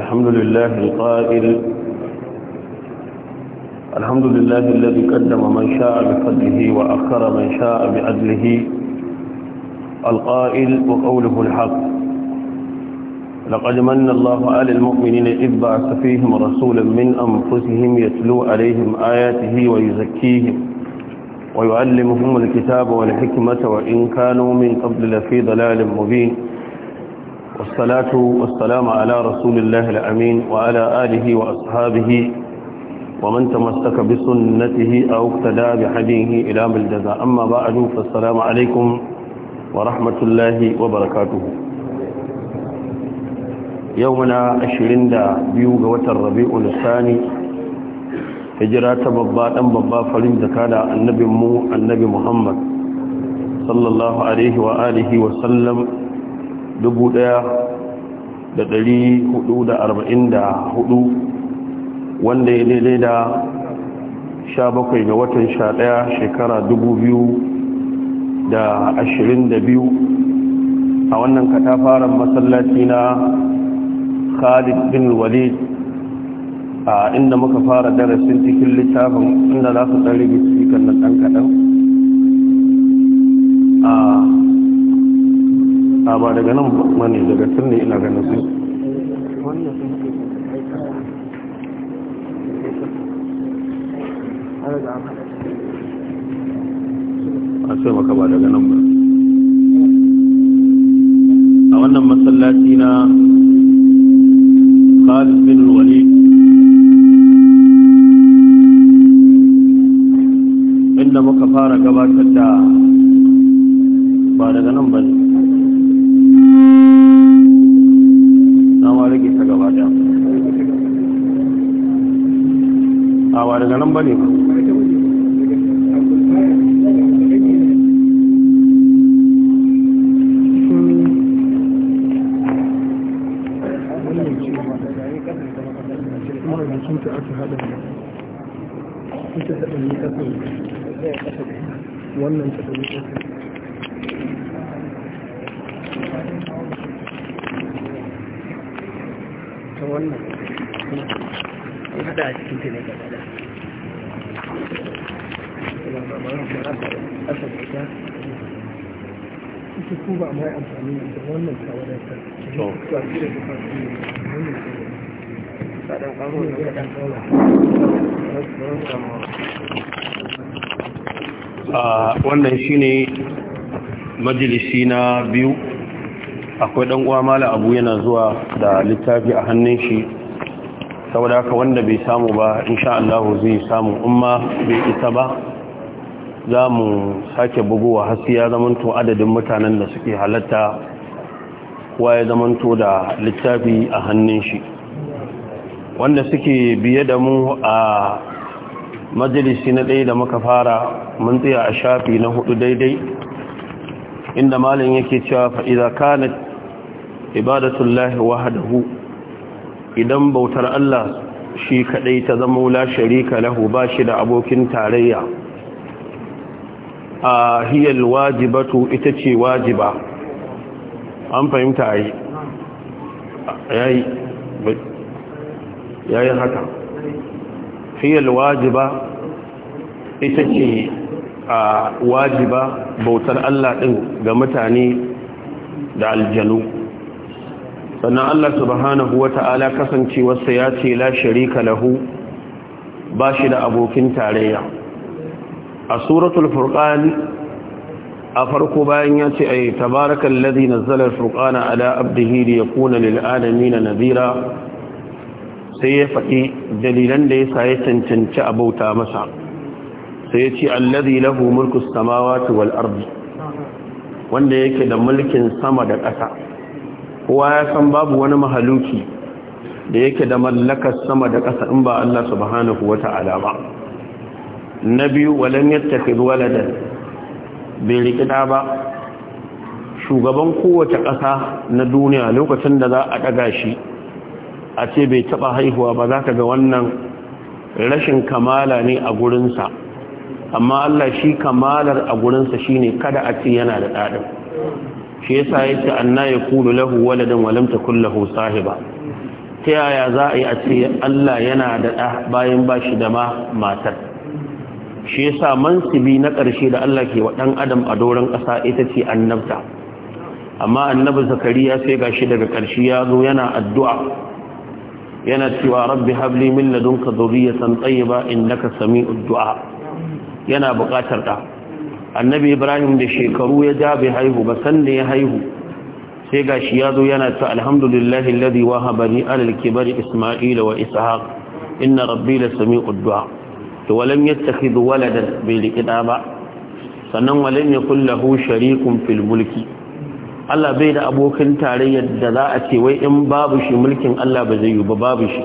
الحمد لله القائل الحمد لله الذي قدم من شاء بفضله وأخر من شاء بعدله القائل وقوله الحق لقد من الله على المؤمنين إذ بعث فيهم رسولا من أنفسهم يتلو عليهم آياته ويزكيهم ويعلمهم الكتاب والحكمة وإن كانوا من قبل لفي ضلال مبين والصلاة والسلام على رسول الله الأمين وعلى آله وأصحابه ومن تمسك بسنته أو اقتدى بحديه إلى بالجزاء أما بعد فالسلام عليكم ورحمة الله وبركاته يومنا عشرين دا بيوغ وتربيع الثاني هجرات ببا أم ببا فلن زكادا النبي مو النبي محمد صلى الله عليه وآله وسلم 1444 wanda ya daidai da 17 ga watan 11 shekara 2022 a wannan katafaren masallaci na khalid bin walid a inda muka fara darasin cikin littafin inda za su tsari rigi na ɗan kaɗan a ba daga nan mani daga tun ne ina ganin su a ba daga nan ba a wannan masallaci na khalid bin walid Money. wannan shi ta a wannan ah, shine majalisi na biyu akwai dan uwa mala abu yana zuwa da littafi a hannun shi saboda haka wanda bai samu ba insha Allah zai samu umma bai isa ba za mu sake bugowa haske ya zamanto adadin mutanen da suke halatta kuwa ya zamanto da littafi a hannun shi wanda suke biye da mu a majalisi na ɗaya da muka fara mun tsaya a shafi na hudu daidai inda malin yake cewa fa'iza kana ibadatullahi hadahu. idan bautar Allah shi kaɗai ta zama wula sharika lahu ba shi da abokin tarayya a hiyar wajibatu ita ce wajiba an fahimta a yi ya yi haka hiyar wajiba ita ce a wajiba bautar Allah ɗin ga mutane da aljanu sannan Allah subhanahu wa ta'ala kasancewarsa ya ce la sharika lahu ba shi da abokin tarayya a suratul furqani a farko bayan ya ce ai tabarakal ladhi nazzala furqana ala abdihi li yakuna lil alamin nadhira sai ya faɗi dalilan da yasa ya cancanci abauta masa sai ya ce alladhi lahu mulku samawati wal ardi wanda yake da mulkin sama da ƙasa kowa ya san babu wani mahaluki da yake da mallakar sama da ƙasa in ba Allah subhanahu wata'ala ba na biyu walam yattakhid waladan bai rikida ba shugaban kowace ƙasa na duniya lokacin da za a ɗaga shi a ce bai taɓa haihuwa ba za ka ga wannan rashin kamala ne a gurinsa amma Allah shi kamalar a gurinsa shi ne kada a ce yana da ɗaɗin shi yasa ya ce an na ya kulu lahu waladin walamta kullahu sahiba ta yaya za a yi a ce Allah yana da ɗa bayan ba shi da ma matar shi yasa mansibi na ƙarshe da Allah ke wa ɗan adam a doron ƙasa ita ce annabta amma annabi zakariya sai gashi daga ƙarshe ya zo yana addu'a yana cewa rabbi habli min ladunka ba in naka sami addu'a? yana buƙatar da annabi ibrahim da shekaru ya ja bai haihu ba san da ya haihu sai gashi ya zo yana ta alhamdulillahi alladhi wahaba li alal bari isma'ila wa ishaq inna rabbi sami addu'a. to walam yattakhidhu waladan bai rikida ba sannan walam yakul lahu sharikun fil mulki Allah bai da abokin tarayyar da za a ce wai in babu shi mulkin Allah ba zai yi ba babu shi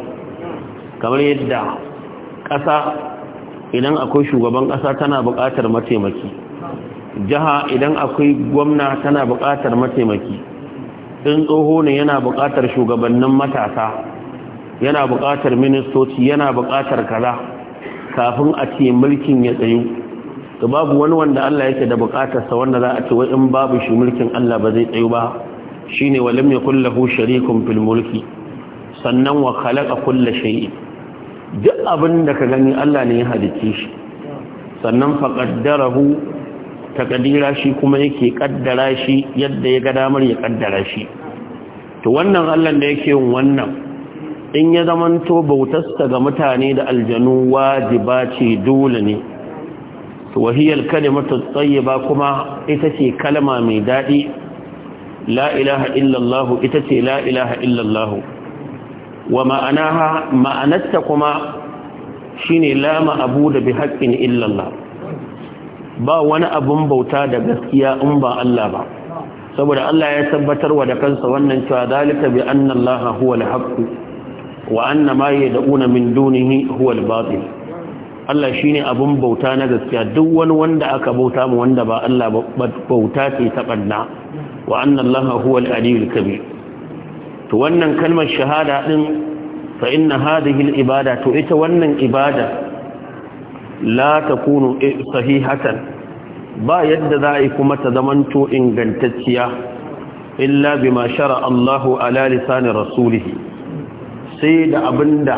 kamar yadda ƙasa idan akwai shugaban ƙasa tana buƙatar mataimaki jiha idan akwai gwamna tana buƙatar mataimaki in tsoho ne yana buƙatar shugabannin matasa yana buƙatar ministoci yana buƙatar kaza kafin a ce mulkin ya tsayu to babu wani wanda Allah yake da bukatarsa wanda za a ce wai in babu shi mulkin Allah ba zai tsayu ba shine walam yakul lahu sharikun fil mulki sannan wa khalaqa kulla shay'in duk abin da ka gani Allah ne ya halicce shi sannan fa qaddarahu shi kuma yake kaddara shi yadda ya ga damar ya kaddara shi to wannan Allah da yake yin wannan in ya zamanto bautasta ga mutane da aljanu wajiba ce dole ne wahiyar tsaye ba kuma ita ce kalma mai daɗi la ilaha illallahu ita ce la ilaha illallahu wa ma'anaha ma'anarta kuma shine la ma'abu da bi haƙƙin illallah ba wani abun bauta da gaskiya in ba Allah ba saboda Allah ya tabbatar wa da kansa wannan cewa zalika bi annallaha Allah huwa al wa anna ma yad'una min dunihi huwa al-batil Allah shine abun bauta na gaskiya duk wani wanda aka bauta mu wanda ba Allah ba bauta ce ta banna wa anna Allah huwa al-aliyul kabir to wannan kalmar shahada din fa inna hadhihi al-ibada to ita wannan ibada la takunu sahihatan ba yadda za a yi kuma ta zamanto ingantacciya illa bima shara Allahu ala lisanin rasulihi sai da abin da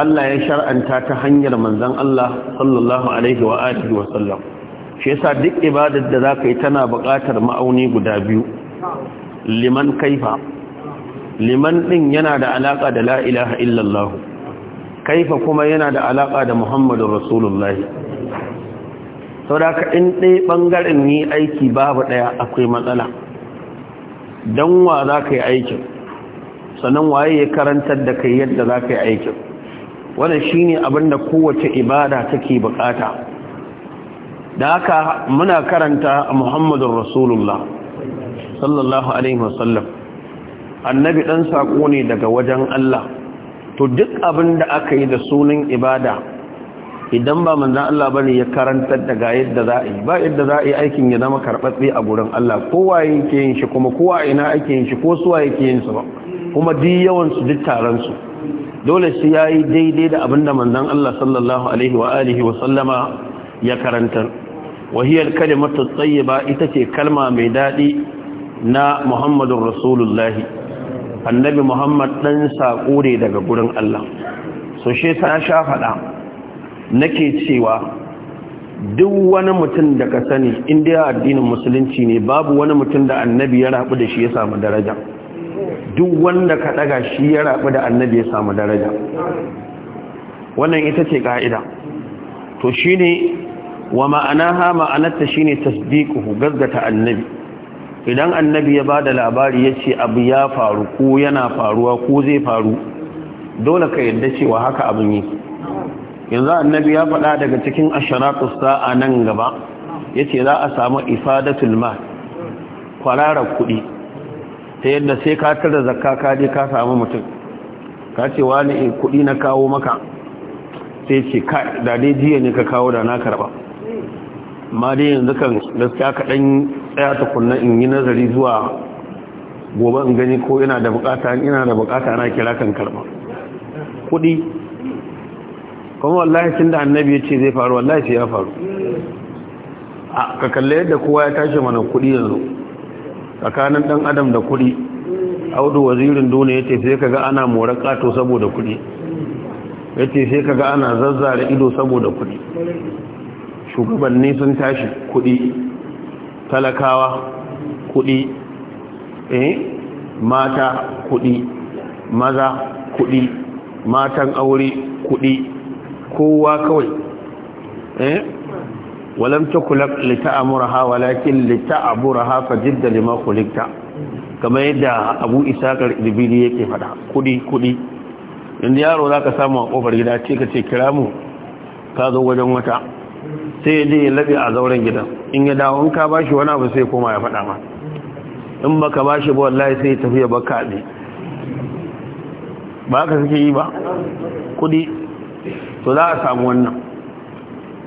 Allah ya shar'anta ta hanyar manzon Allah sallallahu alaihi wa wa sallam shi yasa duk ibadar da zaka yi tana buƙatar ma'auni guda biyu liman kaifa liman ɗin yana da alaƙa da la'ilaha illallahu, illallah kaifa kuma yana da alaka da muhammadur rasulullah ka in ɗaya ɓangaren yi aiki babu ɗaya akwai matsala don wa za ka yi aikin sannan waye ya karantar da kai yadda za ka yi aikin wannan shine abin da kowace ibada take bukata da haka muna karanta muhammadun rasulullah sallallahu alaihi wasallam annabi dan sako ne daga wajen Allah to duk abin da aka yi da sunan ibada idan ba manzan Allah ne ya karantar da ga yadda za a yi ba yadda za a yi aikin ya zama karbatsi a gurin Allah kowa yake yin shi kuma kowa ina ake yin shi ko suwa yake yin su ba kuma di yawan su duk taron su dole shi yayi daidai da abinda manzon Allah sallallahu alaihi wa alihi wa sallama ya karanta wahiyar kalimatu tayyiba ita ce kalma mai daɗi na Muhammadur Rasulullahi annabi Muhammad dan sako ne daga gurin Allah so she ta sha fada nake cewa duk wani mutum da ka sani indiya addinin musulunci ne babu wani mutum da annabi ya rabu da shi ya samu daraja duk wanda ka daga shi ya rabu da annabi ya samu daraja wannan ita ce ka'ida to shine wa ma'anaha ma'anarta shine tasdiquhu gazgata annabi idan annabi ya bada labari yace abu ya faru ko yana faruwa ko zai faru dole ka yadda cewa haka abin yi. yanzu annabi ya faɗa daga cikin asharatus sa'a nan gaba yace za a samu ifadatul mal kwararar kuɗi ta yadda sai ka tara zakka ka je ka samu mutum ka ce wani eh, kuɗi na kawo maka sai ce ka da dai jiya ne ka kawo da na karba amma dai yanzu kan gaskiya ka dan tsaya kunna in yi nazari zuwa gobe in gani ko ina da bukata ina da bukata na kira kan karba kuɗi kuma wallahi tun da annabi ya ce zai faru wallahi sai ya faru a ka kalle yadda kowa ya tashi mana kuɗi yanzu tsakanin dan adam da kuɗi audu wazirin duniya ya ce sai kaga ana mora ƙato saboda kuɗi ya ce sai kaga ana zazzara ido saboda kuɗi shugabanni sun tashi kuɗi talakawa kuɗi eh mata kuɗi maza kuɗi matan aure kuɗi kowa kawai eh ولم تخلق لتأمرها ولكن لتعبرها فجد لما خلقت كما يدى أبو إساق الإبيلي يكي فدا كدي كدي عند يارو ذاك سامو أقوبر جدا تيك تيكرامو كاذو وجمتا سيدي الذي أزورا جدا إن يدعو أنك باشي وانا بسيكو ما يفتح ما in baka ba shi ba wallahi sai tafiya baka ne ba ka suke yi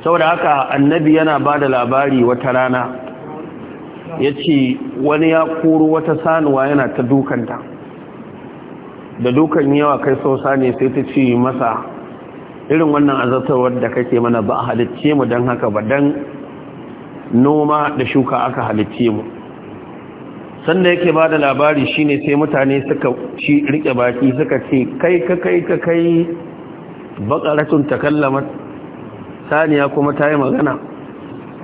saboda haka annabi yana ba da labari wata rana ya ce wani ya koro wata sanuwa yana ta dukanta da dukan yawa kai sausa ne sai ta ce masa irin wannan azabtar da kake mana ba a halicce mu don haka ba don noma da shuka aka halicce mu sanda yake ba da labari shine sai mutane suka rike baki suka ce kai ka kai ka kai bakaratun takallamar saniya kuma ta yi magana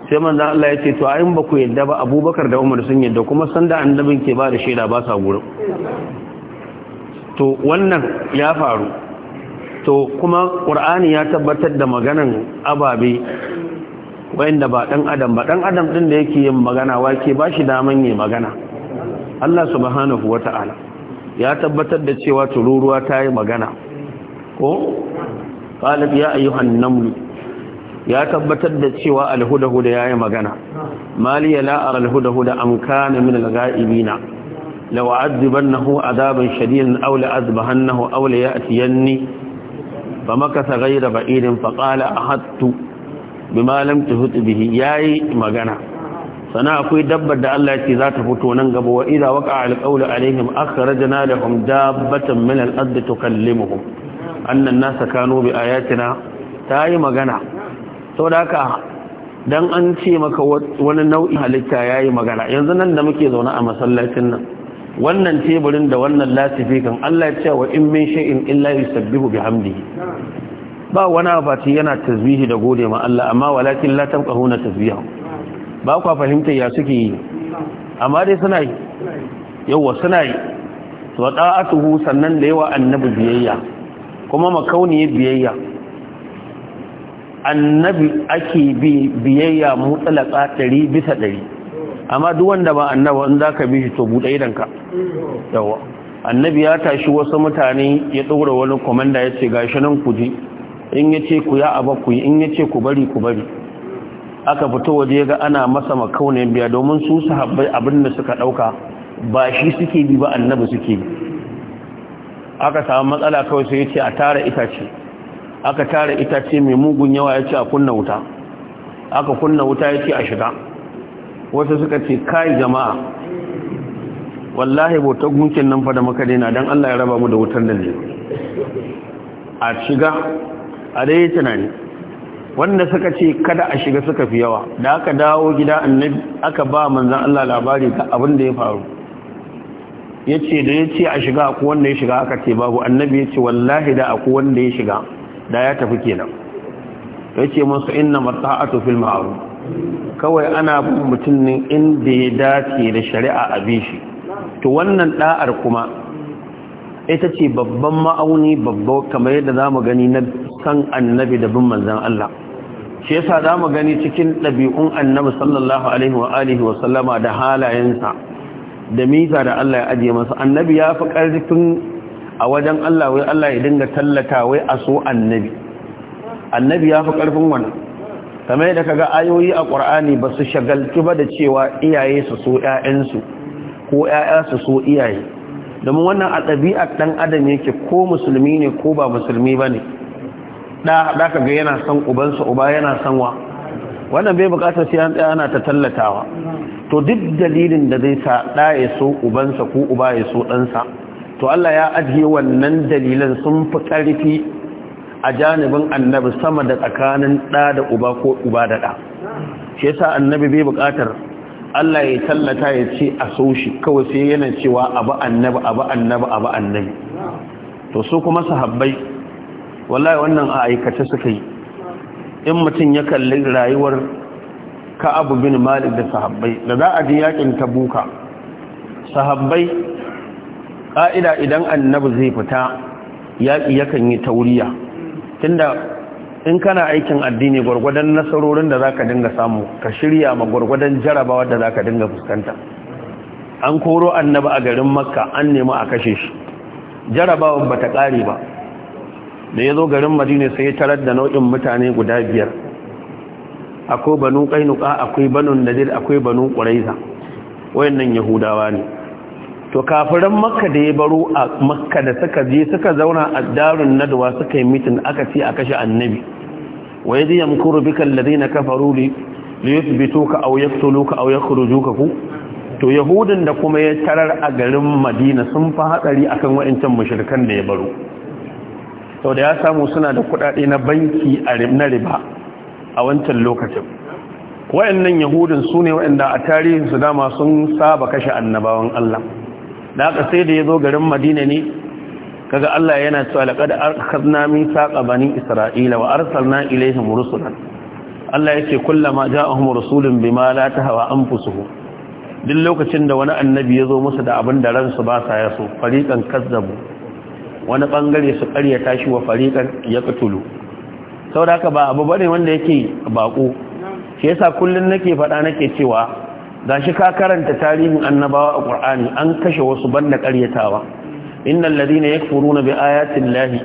sai manzan Allah ya ce to ayin ba ku yadda ba abubakar da umar sun yadda kuma sanda annabin ke ba da shaida ba sa gurin to wannan ya faru to kuma ƙur'ani ya tabbatar da maganan ababe wayanda ba ɗan adam ba ɗan adam ɗin da yake yin magana wake ba shi daman yi magana Allah subhanahu wa ta'ala ya tabbatar da cewa tururuwa ta yi magana ko ƙalib ya ayyuhan namlu ya tabbatar da cewa alhudahuda yi magana maliya la ara alhudahuda an kana min alghaibina law azibannahu adaban shadidan aw Ba azbahannahu aw ba irin famakatha ghayra ba'idin faqala ahattu bima ta tuhit bihi yayi magana sana akwai dabbar da Allah yake za ta fito nan gaba wa idza waqa'a alqawlu alaihim akhrajna lahum dabbatan min al-ard tukallimuhum nasa kanu bi ayatina tayi magana sau da haka don an ce maka wani nau'in halitta ya yi magana yanzu nan da muke zaune a masallacin nan wannan teburin da wannan kan allah ya cewa in min sha'in illa bi bihamdi ba wani abati yana tasbihi da gode ma Allah amma walakin la huna tasbihahu ba kwa fahimta ya suke yi amma dai suna yi yawa suna yi to da'atuhu sannan da yawa annabi biyayya kuma makauniyar biyayya annabi ake bi biyayya mutsalaka ɗari bisa ɗari amma duk wanda ba Annabi in zaka bi shi to buɗe idanka yawa annabi ya tashi wasu mutane ya ɗora wani komanda ya ce gashi nan ku ji in ya ce ku ya aba ku yi in ya ce ku bari ku bari aka fito waje ga ana masa makaunin biya domin su sahabbai abin da suka ɗauka ba shi suke bi ba annabi suke bi aka samu matsala kawai sai ya ce a tara itace aka tara itace mai mugun yawa ya ce a kunna wuta aka kunna wuta ya ce a shiga wasu suka ce kai jama'a wallahi bautar gunkin nan fa da maka daina don allah ya raba mu da wutar da ne a shiga a dai tunani wanda suka ce kada a shiga suka fi yawa da aka dawo gida annabi aka ba manzan allah labari ga abin da ya faru ya ce da ya ce a shiga ko wanda ya shiga aka ce babu annabi ya ce wallahi da akwai wanda ya shiga da ya tafi kenan ya ce masu inna mata'atu fil ma'ruf kawai ana bin mutum ne inda ya dace da shari'a a bishi to wannan da'ar kuma ita ce babban ma'auni babba kamar yadda zamu gani na san annabi da bin manzon Allah shi yasa zamu gani cikin ɗabi'un annabi sallallahu alaihi wa alihi wa sallama da halayensa da mita da Allah ya ajiye masa annabi ya fi ƙarfin a wajen Allah wai Allah ya dinga tallata wai a so annabi annabi ya fi ƙarfin wani kamar yadda kaga ayoyi a ƙur'ani ba su shagaltu ba da cewa iyaye su so ƴaƴansu ko ƴaƴa su so iyaye domin wannan a ɗabi'ar ɗan adam yake ko musulmi ne ko ba musulmi bane. ne ɗa ka kaga yana son ubansa uba yana son wa wannan bai bukatar sai an tsaya ana ta tallatawa to duk dalilin da zai sa ɗa ya so ubansa ko uba ya so ɗansa to Allah ya ajiye wannan dalilan sun fi ƙarfi a janibin annabi sama da tsakanin ɗa da uba ko uba da ɗa shi yasa annabi bai buƙatar Allah ya tallata ya ce a so shi kawai sai yana cewa abu annabi abu annabi abu annabi to su kuma sahabbai wallahi wannan a aikace suka yi in mutum ya kalli rayuwar ka abu bin malik da sahabbai da za a ji yakin tabuka sahabbai ƙa'ida idan annabi zai fita yaƙi yakan yi tauriya tunda in kana aikin addini gwargwadon nasarorin da za ka dinga samu ka shirya ma gwargwadon jarabawa da za ka dinga fuskanta an koro annabi a garin makka an nemi a kashe shi jarabawan ta ƙare ba da ya zo garin madina sai ya tarar da nau'in mutane guda biyar akwai banu ƙainuka akwai banu nadir akwai banu ƙuraiza wayannan yahudawa ne to kafiran makka da ya baro a makka da suka je suka zauna a darun nadwa suka yi mitin aka ce a kashe annabi wa yadda yamkuru mukuru bika kafaru li yuthbituka aw yaqtuluka aw yakhrujuka ku to yahudin da kuma ya tarar a garin madina sun fa hadari akan wa'ancan mushrikan da ya baro sau da ya samu suna da kudade na banki a na riba a wancan lokacin wa'annan yahudin sune ne wa'anda a su dama sun saba kashe annabawan Allah da aka sai da ya zo garin madina ne kaga Allah yana cewa laqad akhadna min saqa bani isra'ila wa arsalna ilayhim rusulan Allah yake kullama ja'ahum rusulun bima la tahawa anfusuhum duk lokacin da wani annabi ya zo musu da abin da ransu ba sa yaso fariqan kazzabu wani bangare su ƙarya tashi wa fariqan yaqtulu saboda haka ba abu bane wanda yake bako shi yasa kullun nake faɗa nake cewa shi ka karanta tarihin annabawa a qur'ani an kashe wasu banda ƙaryatawa innal ladina yakfuruna bi ayati Lahi.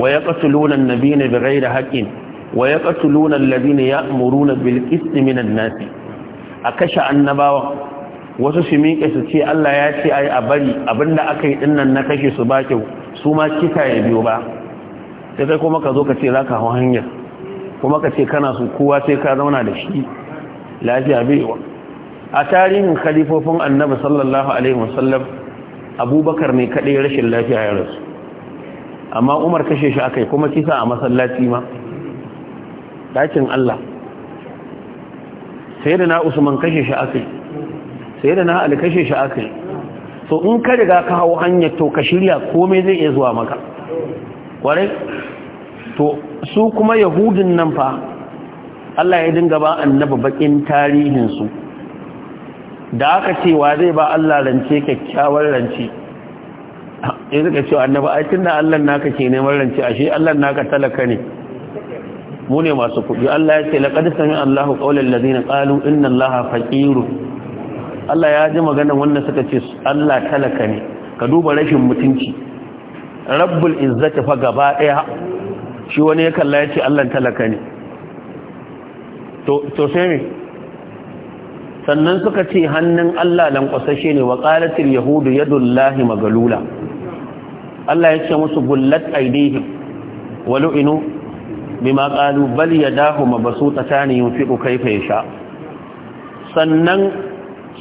wa yaqtuluna an-nabiyina bighayri haqqin wa yaqtuluna alladhina ya'muruna bil na minan nas a kashe annabawa wasu su miƙe su ce Allah ya ce yi a bari abinda aka yi ɗinnan na kashe su ba kyau su ma kisa ya biyo ba sai kai kuma ka zo ka ce za ka hau hanyar kuma ka ce kana su kowa sai ka zauna da shi lafiya baiwa a tarihin khalifofin annabi sallallahu alaihi wasallam abubakar ne kadai rashin lafiya ya rasu amma umar kashe shi akai kuma kisa a masallaci ma ɗakin allah sai da na usman kashe shi akai sai da na ali kashe shi akai so in ka riga ka hau hanyar to ka shirya komai zai iya zuwa maka kwarai to su kuma yahudin nan fa allah ya dinga ba annabi bakin tarihinsu da aka ce wa zai ba Allah rance kyakkyawar rance in suka ce annabi ai tunda Allah naka ke neman rance ashe Allah naka talaka ne mu ne masu kuɗi Allah ya ce laqad sami Allahu qawlal ladina qalu inna Allaha faqirun Allah ya ji maganar wanda suka ce Allah talaka ne ka duba rashin mutunci rabbul izzati fa gaba daya shi wani ya kalla ya ce Allah talaka ne to to sai sannan suka ce hannun Allah kwasashe ne wa qalatil yahudu yadullahi magalula Allah ya ce musu gullat aidihim walu inu bima qalu bal yadahu mabsutatani yunfiqu kayfa sha. sannan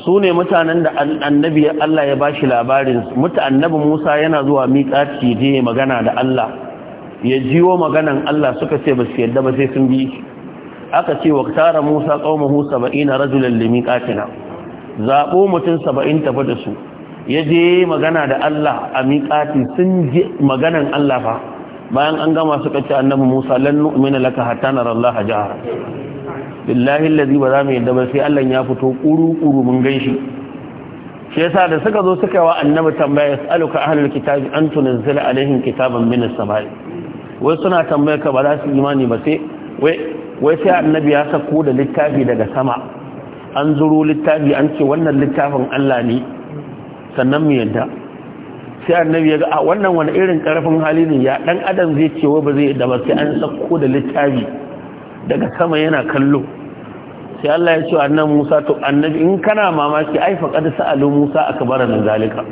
su ne mutanen da annabi Allah ya bashi labarin muta annabi Musa yana zuwa miƙaci je magana da Allah ya jiwo maganan Allah suka ce basu su yadda ba sai sun bi shi aka ce wa tara musa qaumahu 70 rajulan limiqatina zabo mutum 70 tafi da su ya je magana da Allah a miƙati sun ji maganan Allah fa bayan an gama suka ce annabi Musa lan nu'mina laka hatta nara Allah jahara billahi allazi ba za mu yadda ba sai Allah ya fito kuru kuru mun ganshi shi yasa da suka zo suka wa annabi tambaya saluka ahlul kitabi an tunzila alaihim kitaban min as-sama'i wai suna tambaya ka ba za su imani ba sai wai wai sai annabi ya sako da littafi daga sama an zuru littafi an ce wannan littafin Allah ne sannan mu yadda sai annabi ya ga a wannan wani irin karfin hali ne ya dan adam zai ce wai ba zai da ba sai an sako da littafi daga sama yana kallo sai Allah ya ce annan Musa to annabi in kana mamaki ai faqad sa'alu Musa akbara min zalika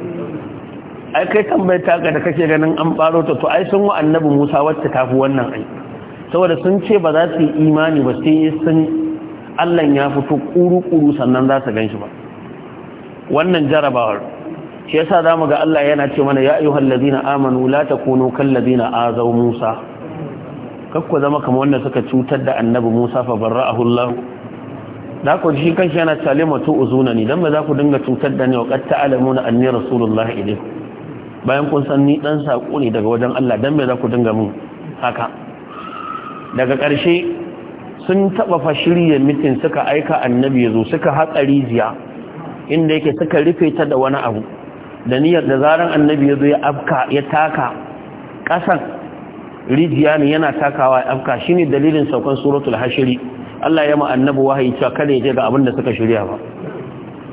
ai kai tambayar ta ga da kake ganin an baro ta to ai sun wa annabi Musa wacce tafi wannan ai saboda sun ce ba za su yi imani ba sai sun Allah ya fito kuru-kuru sannan za su gan shi ba wannan jarabawar shi yasa zamu ga Allah yana ce mana ya ayyuhal ladina amanu la takunu kal ladina azaw Musa kakko zama kamar wanda suka cutar da annabi Musa fa barra'ahu Allah da ku shi kanshi yana tale mutu uzunani dan ba za ku dinga cutar da ni wa Alamu na anni rasulullahi ilaykum bayan kun san ni ɗan sako ne daga wajen Allah dan me za ku dinga mun haka daga ƙarshe sun taɓa fa shirya mitin suka aika annabi ya zo suka haƙa rijiya inda yake suka rufe ta da wani abu da niyyar da zaran annabi ya zo ya afka ya taka ƙasan rijiya ne yana takawa ya afka ne dalilin saukan suratul hashiri Allah ya ma annabi wahayi cewa kada ya je ga abin da suka shirya ba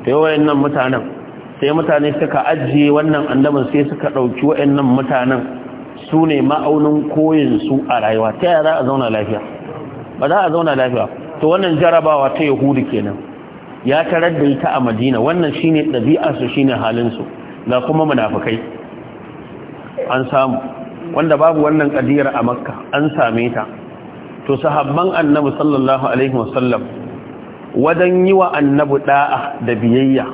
to yau wayannan mutanen sai mutane suka ajiye wannan annabin sai suka ɗauki wayannan mutanen su ne ma'aunin koyinsu a rayuwa ta yaya za a zauna lafiya ba za a zauna lafiya to wannan jarabawa ta yahudu kenan ya tarar da ita a madina wannan shi ne ɗabi'arsu shi ne halinsu ga kuma munafukai an samu wanda babu wannan ƙadiyar a makka an same ta to sahabban annabi sallallahu alaihi wasallam wajen yi wa annabi da'a da biyayya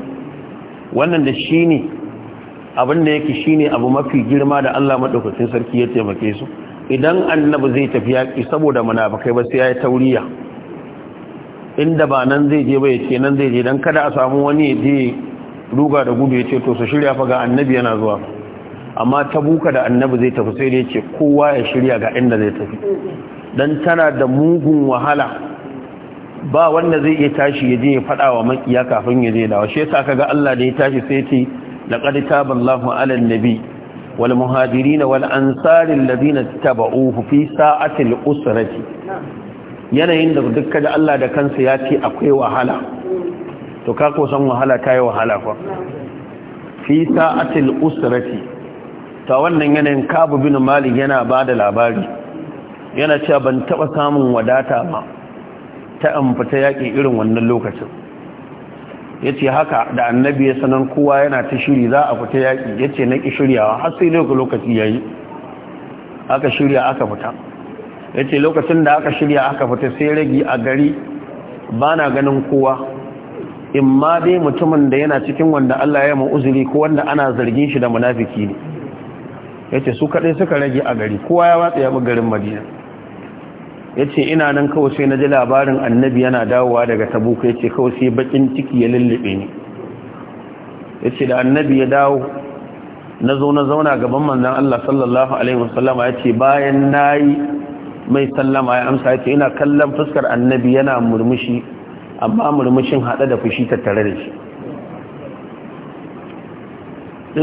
wannan da shi ne. abin da yake shine abu mafi girma da Allah madaukakin sarki ya taimake su idan annabi zai tafi yaki saboda munafikai ba sai ya yi tauriya inda ba nan zai je ba ya ce nan zai je dan kada a samu wani ya je ruga da gudu ya ce to su shirya fa ga annabi yana zuwa amma ta buka da annabi zai tafi sai dai ce kowa ya shirya ga inda zai tafi dan tana da mugun wahala ba wanda zai iya tashi ya je ya fada wa makiya kafin ya je dawa shi yasa kaga Allah da ya tashi sai ce لقد تاب الله على النبي والمهاجرين والأنصار الذين اتبعوه في ساعة الأسرة yanayin da duk da Allah da kansa ya ce akwai wahala to ka ko san wahala ta yi wahala fa fi sa'atil usrati ta wannan yanayin kabu bin malik yana ba da labari yana cewa ban taɓa samun wadata ma ta amfata yaƙi irin wannan lokacin ya ce haka da annabi ya sanar kowa yana ta shiri za a fita yaƙi ya ce na ƙi shiryawa har sai daga lokaci ya yi aka shirya aka fita ya ce lokacin da aka shirya aka fita sai ragi a gari ba na ganin kowa in ma dai mutumin da yana cikin wanda Allah ya ma'uzuri ko wanda ana zargin shi da munafiki ne ya ce su kaɗai suka rage a gari kowa ya watsa ya bi garin madina ya ce ina nan kawai sai na ji labarin annabi yana dawowa daga tabuka ya ce kawai sai bakin ciki ya lullube ni ya ce da annabi ya dawo na zo na zauna gaban manzan Allah sallallahu Alaihi wasallama ya ce bayan na yi mai sallama ya amsa ya ce ina kallon fuskar annabi yana murmushi amma murmushin haɗe da fushi tattare da shi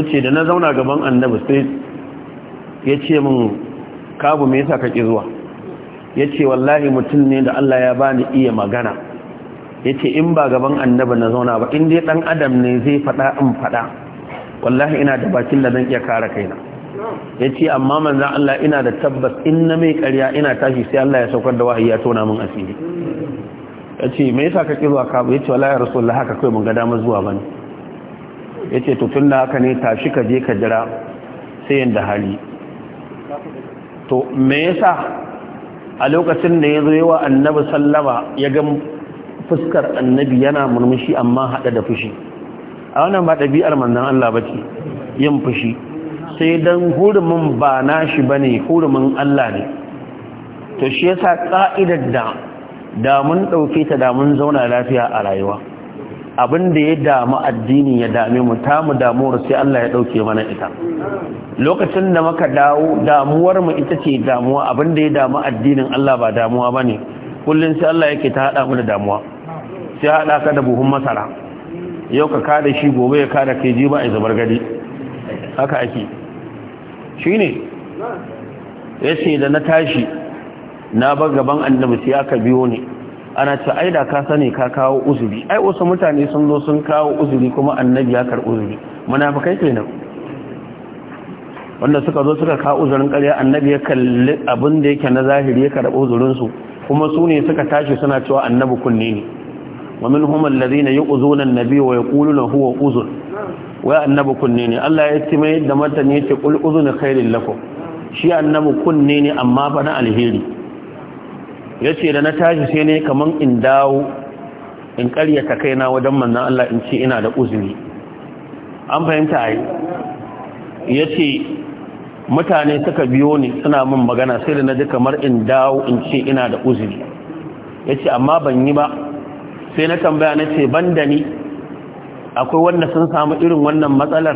ya ce da na zauna gaban annabi sai ya ce min kabu me yasa kake zuwa yace wallahi mutum ne da Allah ya bani iya magana yace in ba gaban annabi na zauna ba in ya dan adam ne zai fada in fada wallahi ina da bakin da zan iya kare kaina yace amma Allah ina da tabbas in na mai karya ina tashi sai Allah ya saukar da wahayi ya tona min asiri yace me yasa kake zuwa ka yace wallahi rasulullah haka kai mun ga dama zuwa bane yace to da haka ne tashi ka je ka jira sai da hali to me yasa a lokacin da ya zo yawa annabi sallama ya ga fuskar annabi yana murmushi amma haɗa da fushi a wannan ba ɗabi'ar manzan Allah ba yin fushi sai don hurumin ba shi ba ne hurumin Allah ne to shi yasa ƙa'idar da da mun ɗauke ta da mun zauna lafiya a rayuwa abin da ya damu addini ya dame mu ta mu damuwar sai Allah ya ɗauke mana ita lokacin da muka dawo damuwar mu ita ce damuwa abin da ya damu addinin Allah ba damuwa ba ne kullum sai Allah yake ta hada mu da damuwa sai hada ka da buhun masara yau ka kada shi gobe ya kada kai ji ba a zubar gadi haka ake shi ne da na tashi na bar gaban annabi sai aka biyo ni ana ce ai da ka sani ka kawo uzuri ai wasu mutane sun zo sun kawo uzuri kuma annabi ya karɓi uzuri munafikai kenan wanda suka zo suka kawo uzurin ƙarya annabi ya kalli abin da yake na zahiri ya karɓi uzurin su kuma su ne suka tashi suna cewa annabi kunne ne wa minhum alladhina yu'zuna an-nabiy wa yaquluna huwa uzur wa annabi kunne ne Allah ya ce mai da martani yace qul uzuna khairil lakum shi annabi kunne ne amma fa na alheri ya ce da na tashi sai ne kamar in dawo in karya karyata kaina wajen manna Allah in ce ina da uzuri an fahimta a ya ce mutane suka biyo ni suna min magana sai da na ji kamar in dawo in ce ina da uzuri ya ce amma ban yi ba sai na tambaya na ce ban da ni akwai wanda sun samu irin wannan matsalar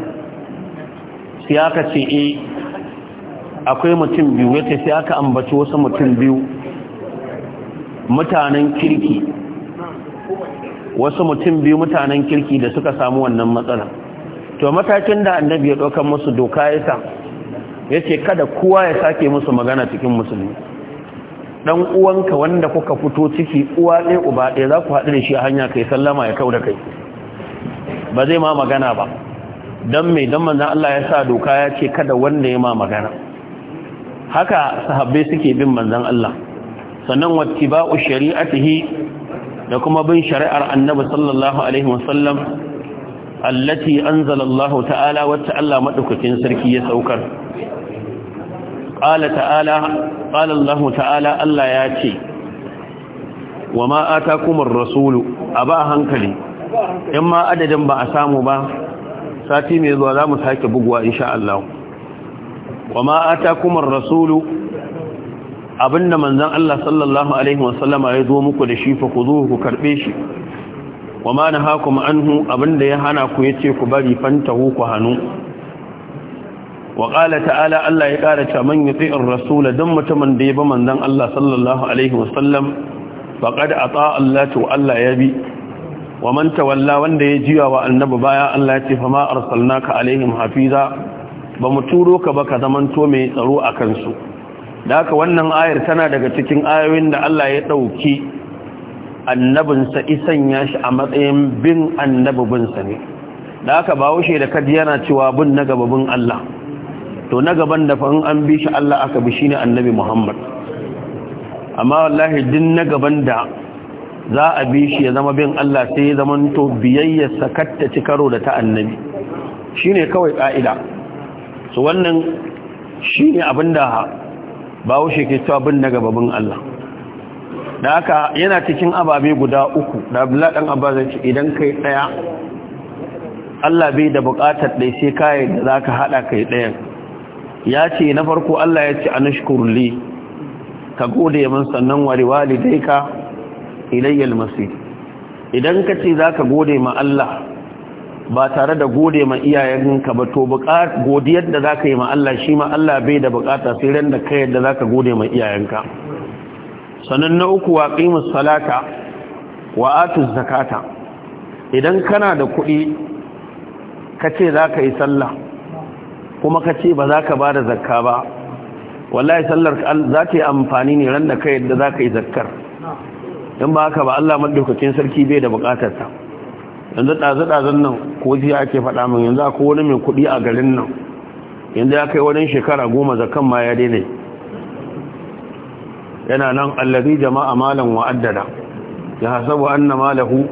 sai aka ce e akwai mutum biyu ya ce sai aka ambaci wasu mutum biyu mutanen kirki wasu mutum biyu mutanen kirki da suka samu wannan matsala to matakin da annabi ya ɗaukar musu doka ya sa ya kada kowa ya sake musu magana cikin musulmi dan uwanka wanda kuka fito ciki uwa ɗaya uba ɗaya za ku haɗu da shi a hanya kai sallama ya kau da kai ba zai ma magana ba don mai don manzan Allah ya sa doka ya ce kada wanda ya ma magana haka sahabbai suke bin manzan Allah sannan wattiba'u shari'atihi da kuma bin shari'ar annaba sallallahu alaihi wasallam allati anzala Allah ta'ala wacce Allah maɗaukakin sarki ya saukar qala ta'ala qala Allah ta'ala Allah ya ce wama atakumur rasulu a hankali in ma adadin ba a samu ba sati mai zuwa zamu sake bugwa insha Allah wama atakumur rasulu abinda manzon Allah sallallahu alaihi wasallama ya zo muku da shi fa ku zo ku karbe shi wa ma nahakum anhu abinda ya hana ku ya ce ku bari fantahu ku hanu wa qala ta'ala Allah ya kara ta man yuti'ir rasul dan mutumin da ya ba manzan Allah sallallahu alaihi wasallam a ata Allah to Allah ya bi wa man tawalla wanda ya jiya wa annabi baya Allah ya ce fa ma arsalnaka alaihim hafiza ba mu turo ka ba ka zamanto mai tsaro a kansu da haka wannan ayar tana daga cikin ayoyin da Allah ya ɗauki annabinsa isan ya shi a matsayin bin annabinsa ne da haka ba wushe da kaji yana cewa bin na gababin Allah to na gaban da fa'in an bi shi Allah aka bi shi ne annabi Muhammad amma wallahi din na gaban da za a bi shi ya zama bin Allah sai ya zama to biyayyar sakatta ci karo da ta annabi shi ne kawai ƙa'ida su wannan shi ne abin da ba wushe ke cewa bin daga babin Allah da haka yana cikin ababe guda uku da abdullahi dan ce idan kai daya Allah bai da buƙatar dai sai kai da zaka hada kai daya ya ce na farko Allah ya ce anashkuru li ka gode min sannan wari walidaika ilayyal masjid idan kace ce zaka gode ma Allah ba tare da gode ma iyayenka ba to godiyar da zaka yi ma Allah shi ma Allah bai da bukata sai ran da kai yadda zaka gode ma iyayenka sanan na uku wa qimus salata wa atuz zakata idan kana da kuɗi kace zaka yi sallah kuma kace ba zaka ba da zakka ba wallahi sallar za ta yi amfani ne ran da kai yadda zaka yi zakkar in ba haka ba Allah madaukakin sarki bai da bukatarsa yanzu ɗazu-ɗazun nan ko jiya ake faɗa min yanzu akwai wani mai kuɗi a garin nan yanzu ya kai wani shekara goma zakan ma ya daina yana nan allazi jama'a malan wa'addada ya hasabu na malahu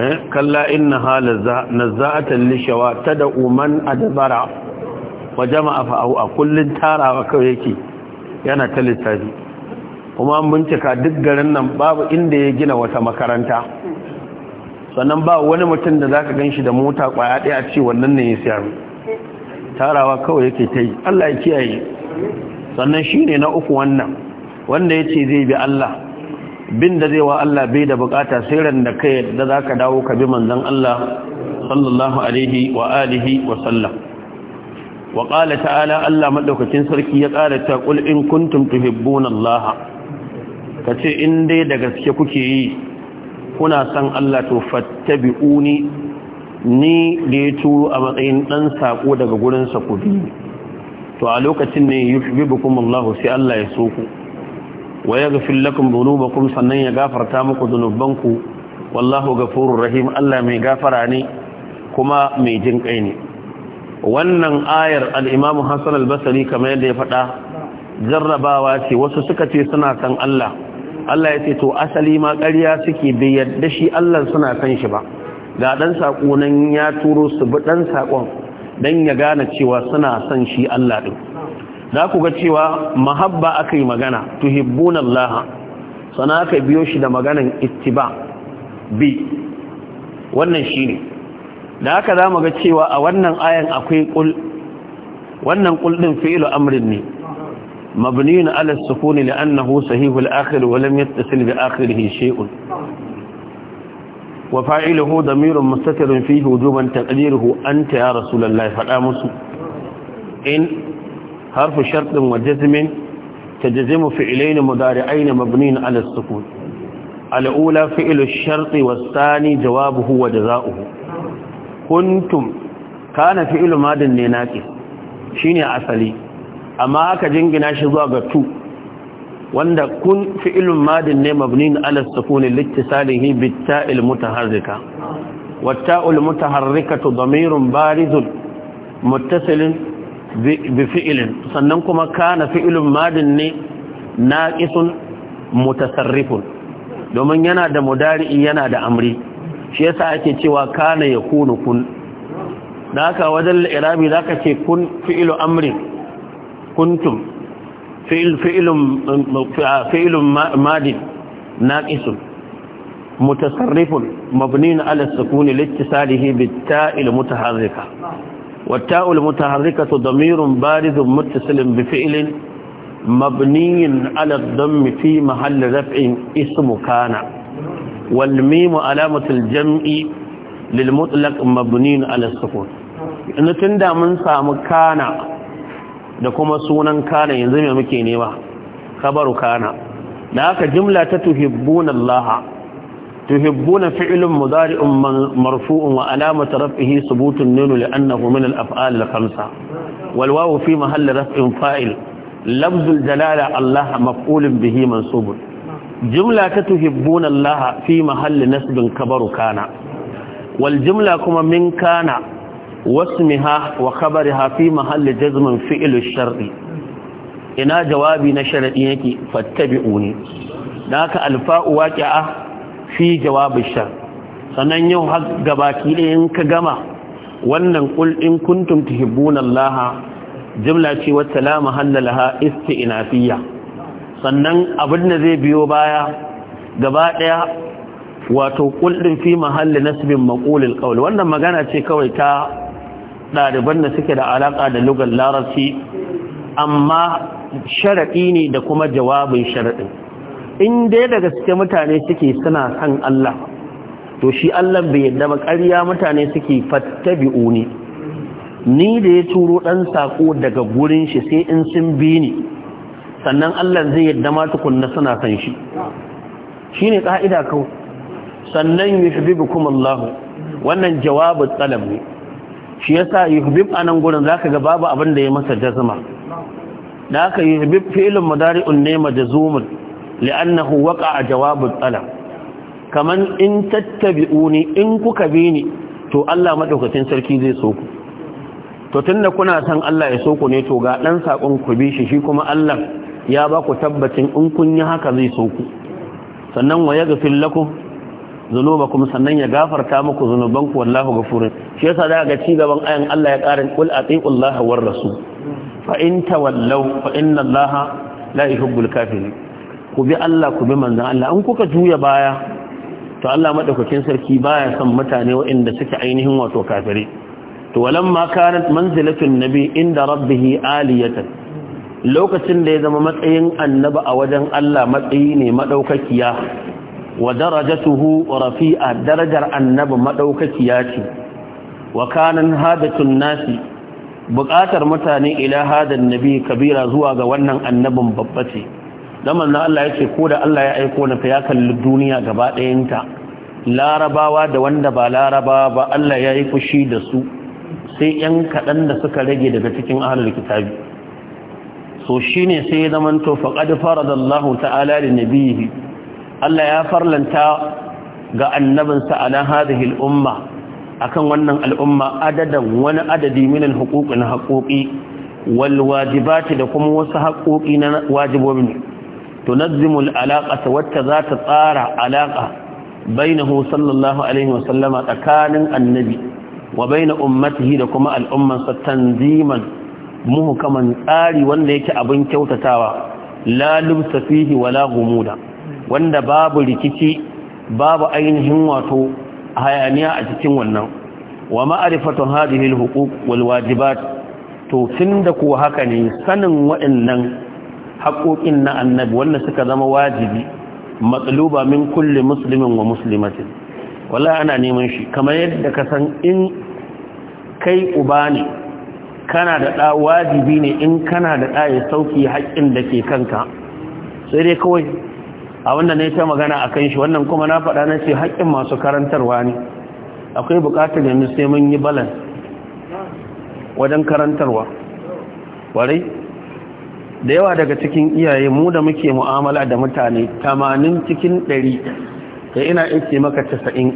Kalla eh kalla innaha nazza'atan lishawa tad'u man adbara wa jama'a fa'u a kullun tarawa kawai yake yana ta littafi kuma an bincika duk garin nan babu inda ya gina wata makaranta sannan ba wani mutum da zaka shi da mota kwaya ɗaya a ce wannan ne ya siya tarawa kawai yake ta yi Allah ya kiyaye sannan shine na uku wannan wanda yace zai bi Allah bin da zai wa Allah bai da bukata sai ran da kai da zaka dawo ka bi manzon Allah sallallahu alaihi wa alihi wa sallam qala ta'ala Allah madaukakin sarki ya kara ta kul in kuntum tuhibbuna Allah kace in dai da gaske kuke yi kuna san Allah to fattabi'uni ni da ya turo a matsayin ɗan saƙo daga gurinsa ku bi to a lokacin ne yi bukun Allah sai Allah ya so ku wa yaghfir lakum kuma sannan ya gafarta muku ku wallahu furu rahim Allah mai gafara ne kuma mai jin kai ne wannan ayar alimam Hassan albasari kamar yadda ya faɗa jarrabawa ce wasu suka ce suna san Allah Allah ya ce to asali ma ƙarya suke bai yadda shi Allah suna san shi ba ga ɗan saƙonan ya turo su bi ɗan saƙon don ya gane cewa suna san shi Allah ɗin za ku ga cewa mahabba aka yi magana tuhibbun Allah sana aka biyo shi da maganan ittiba bi wannan shi da haka za mu ga cewa a wannan ayan akwai ƙul wannan ƙul ɗin fi'ilu amrin ne مبني على السكون لأنه صحيح الآخر ولم يتصل بآخره شيء وفاعله ضمير مستتر فيه وجوبا تقديره أنت يا رسول الله فالآمس إن حرف شرط وجزم تجزم فعلين مضارعين مبنين على السكون الأولى فعل الشرط والثاني جوابه وجزاؤه كنتم كان فعل ماد ناقص شيني أصلي amma aka jingina shi zuwa ga tu wanda kun fi'ilun madin ne mabnin ala sukuni littisalihi ta'il mutaharrika mutaharrika tu damirun barizun muttasilin bi fi'ilin sannan kuma kana fi'ilun madin ne naqisun mutasarrifun domin yana da mudari, yana da amri shi yasa ake cewa kana yakunu kun da haka wajen irabi zaka ce kun fi'ilu amrin kuntum fi'il fi'ilun fi'ilun madin naqisun mutasarrifun mabnin ala sukun liittisalihi bit-ta'il mutaharrika wat-ta'ul mutaharrikatu damirun barizun muttasilun bi fi'ilin mabniyin ala ad-dammi fi mahalli raf'in ismu kana wal mim alamatul jam'i lil mutlaq mabnin ala in tunda mun samu kana da kuma sunan kana yanzu mai muke nema kabaru kana da haka jimla ta tuhibbuna Allah tuhibbuna fi'lun mudari'un marfu'un wa alamat raf'ihi thubutun nunu li'annahu min al-af'al al-khamsa wal fi mahalli raf'in fa'il lafzul dalala Allah mafulin bihi mansubun jimla ta tuhibbuna Allah fi mahalli nasbin kabaru kana wal kuma min kana wasmiha wa khabariha fi mahalli jazmin fi'il ina jawabi na sharadi yake fattabi'uni naka alfa'u waqi'a fi jawabi shar sanan yau har gabaki da in ka gama wannan kul in kuntum tuhibbuna jumla ce wacce la mahalla laha isti'nafiyya sannan abin da zai biyo baya gaba daya wato kul din fi mahalli nasbin maqulil qawl wannan magana ce kawai ta ɗaliban da suke da alaƙa da lugar larabci amma sharaɗi ne da kuma jawabin sharaɗin in dai daga gaske mutane suke suna san Allah to shi Allah bai yadda ba ƙarya mutane suke fattabi'u ne ni da ya turo ɗan saƙo daga gurin shi sai in sun bi ni sannan Allah zai yadda ma tukunna suna san shi shi ne ƙa'ida kau sannan kuma Allah wannan jawabin tsalam ne shi ya yasa yuhbib anan za zaka ga babu abin da ya masa jazma da aka yuhbib filin zumul ne majzumun li'annahu a jawabin talab Kamar in tattabi'uni in kuka bi ni to Allah maɗaukacin sarki zai so ku to da kuna san Allah ya so ku ne to ga ɗan saƙon ku bi shi shi kuma Allah ya ba ku tabbacin in kun yi haka zai so ku sannan wa ga lakum kuma sannan ya gafarta muku zunubanku wallahu ghafurun shi yasa da ga ci gaban ayan Allah ya karin qul atiullaha war rasul fa in tawallaw fa inna allaha la yuhibbul kafirin ku bi Allah ku bi manzon Allah an kuka juya baya to Allah madaukakin sarki baya son mutane waɗanda suke ainihin wato kafiri to walamma kanat manzilatun nabi inda rabbihi aliyatan lokacin da ya zama matsayin annaba a wajen Allah matsayi ne madaukakiya wa darajatuhu rafi'a darajar annabi ya ce wa kanan hadatun nasi buƙatar mutane ila hadan nabi kabira zuwa ga wannan annabin babba ce dan manzon Allah yace ko da Allah ya aiko na fa ya kalli duniya gaba ɗayanta larabawa da wanda ba larabawa ba Allah ya yi fushi da su sai yan kaɗan da suka rage daga cikin ahlul kitabi so shine sai ya zamanto faqad faradallahu ta'ala li nabiyhi Allah ya farlanta ga annabinsa a hadhihi al-umma akan wannan al'umma adadan wani adadi min al na haƙoƙi wal da kuma wasu haƙoƙi na wajibobin tunazzimu alaƙa ta wacce za ta tsara alaqa bainahu sallallahu alaihi wa sallama tsakanin annabi wa baina ummatihi da kuma al'umman tanziman muhukaman tsari wanda yake abin kyautatawa la lubsa fihi wala gumuda wanda babu rikici babu ainihin wato hayaniya a cikin wannan wa ma'arifatu hadhihi al-huquq to tunda ko haka ne sanin waɗannan haƙoƙin na annabi wanda suka zama wajibi matsaluba min kulli muslimin wa muslimatin wala ana neman shi kamar yadda ka san in kai uba ne kana da ɗa wajibi ne in kana da ɗa ya sauki haƙƙin da ke kanka sai dai kawai a wannan ne ta magana a kan shi wannan kuma na faɗa na ce haƙƙin masu karantarwa ne akwai buƙatar yanzu sai mun yi balan wajen karantarwa warai da yawa daga cikin iyaye mu da muke mu'amala da mutane tamanin cikin dari da ina ice maka casa'in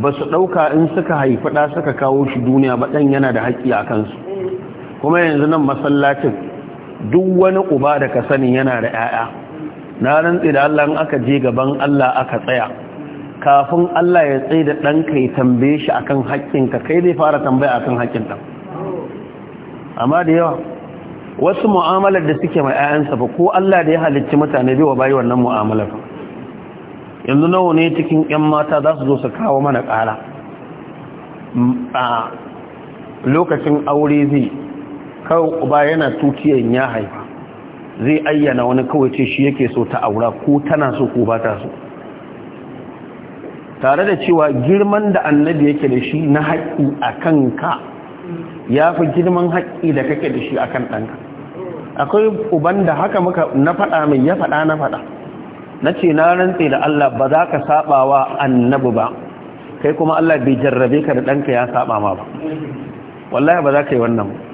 ba su ɗauka in suka haifi ɗa suka kawo shi duniya ba ɗan yana da haƙƙi a kansu kuma yanzu nan masallacin duk wani uba da ka sani yana da 'ya'ya na rantsi da Allah an aka je gaban Allah aka tsaya kafin Allah ya tsaye da ɗanka ya tambaye shi akan haƙƙinka kai zai fara tambaya akan haƙƙin ɗan amma da yawa wasu mu'amalar da suke mai ayansa ba ko Allah da ya halicci mutane bai wa bayi wannan mu'amalar yanzu nawa ne cikin 'yan mata za su zo su kawo mana ƙara a lokacin aure zai kawo uba yana tukiyan ya haifa zai ayyana wani kawai ce shi yake so ta aura ko tana so ko ba ta so tare da cewa girman da annabi yake da shi na haƙƙi a kanka ya fi girman haƙƙi da kake da shi a kan ɗanka akwai uban da haka muka na faɗa mai ya faɗa na faɗa na ce na rantse da Allah ba za ka saɓa wa annabi ba kai kuma Allah bai jarrabe ka da ɗanka ya saɓa ma ba wallahi ba za ka yi wannan ba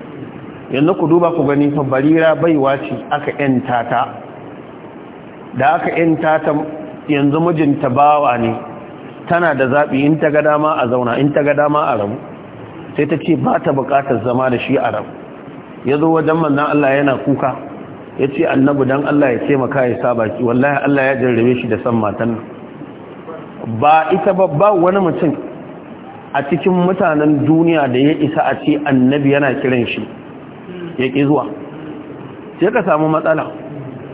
yanzu ku duba ku gani fa barira baiwa ce aka yanta ta da aka yanta ta yanzu mijinta bawa ne tana da zaɓi in ta ga dama a zauna in ta ga dama a rabu sai ta ce ba ta buƙatar zama da shi a rabu ya zo wajen manzan Allah yana kuka ya ce annabu don Allah ya ce taimaka ya sa baki wallahi Allah ya jarrabe shi da san matan ba ita ba ba wani mutum a cikin mutanen duniya da ya isa a ce annabi yana kiran shi ya ƙi zuwa sai ka samu matsala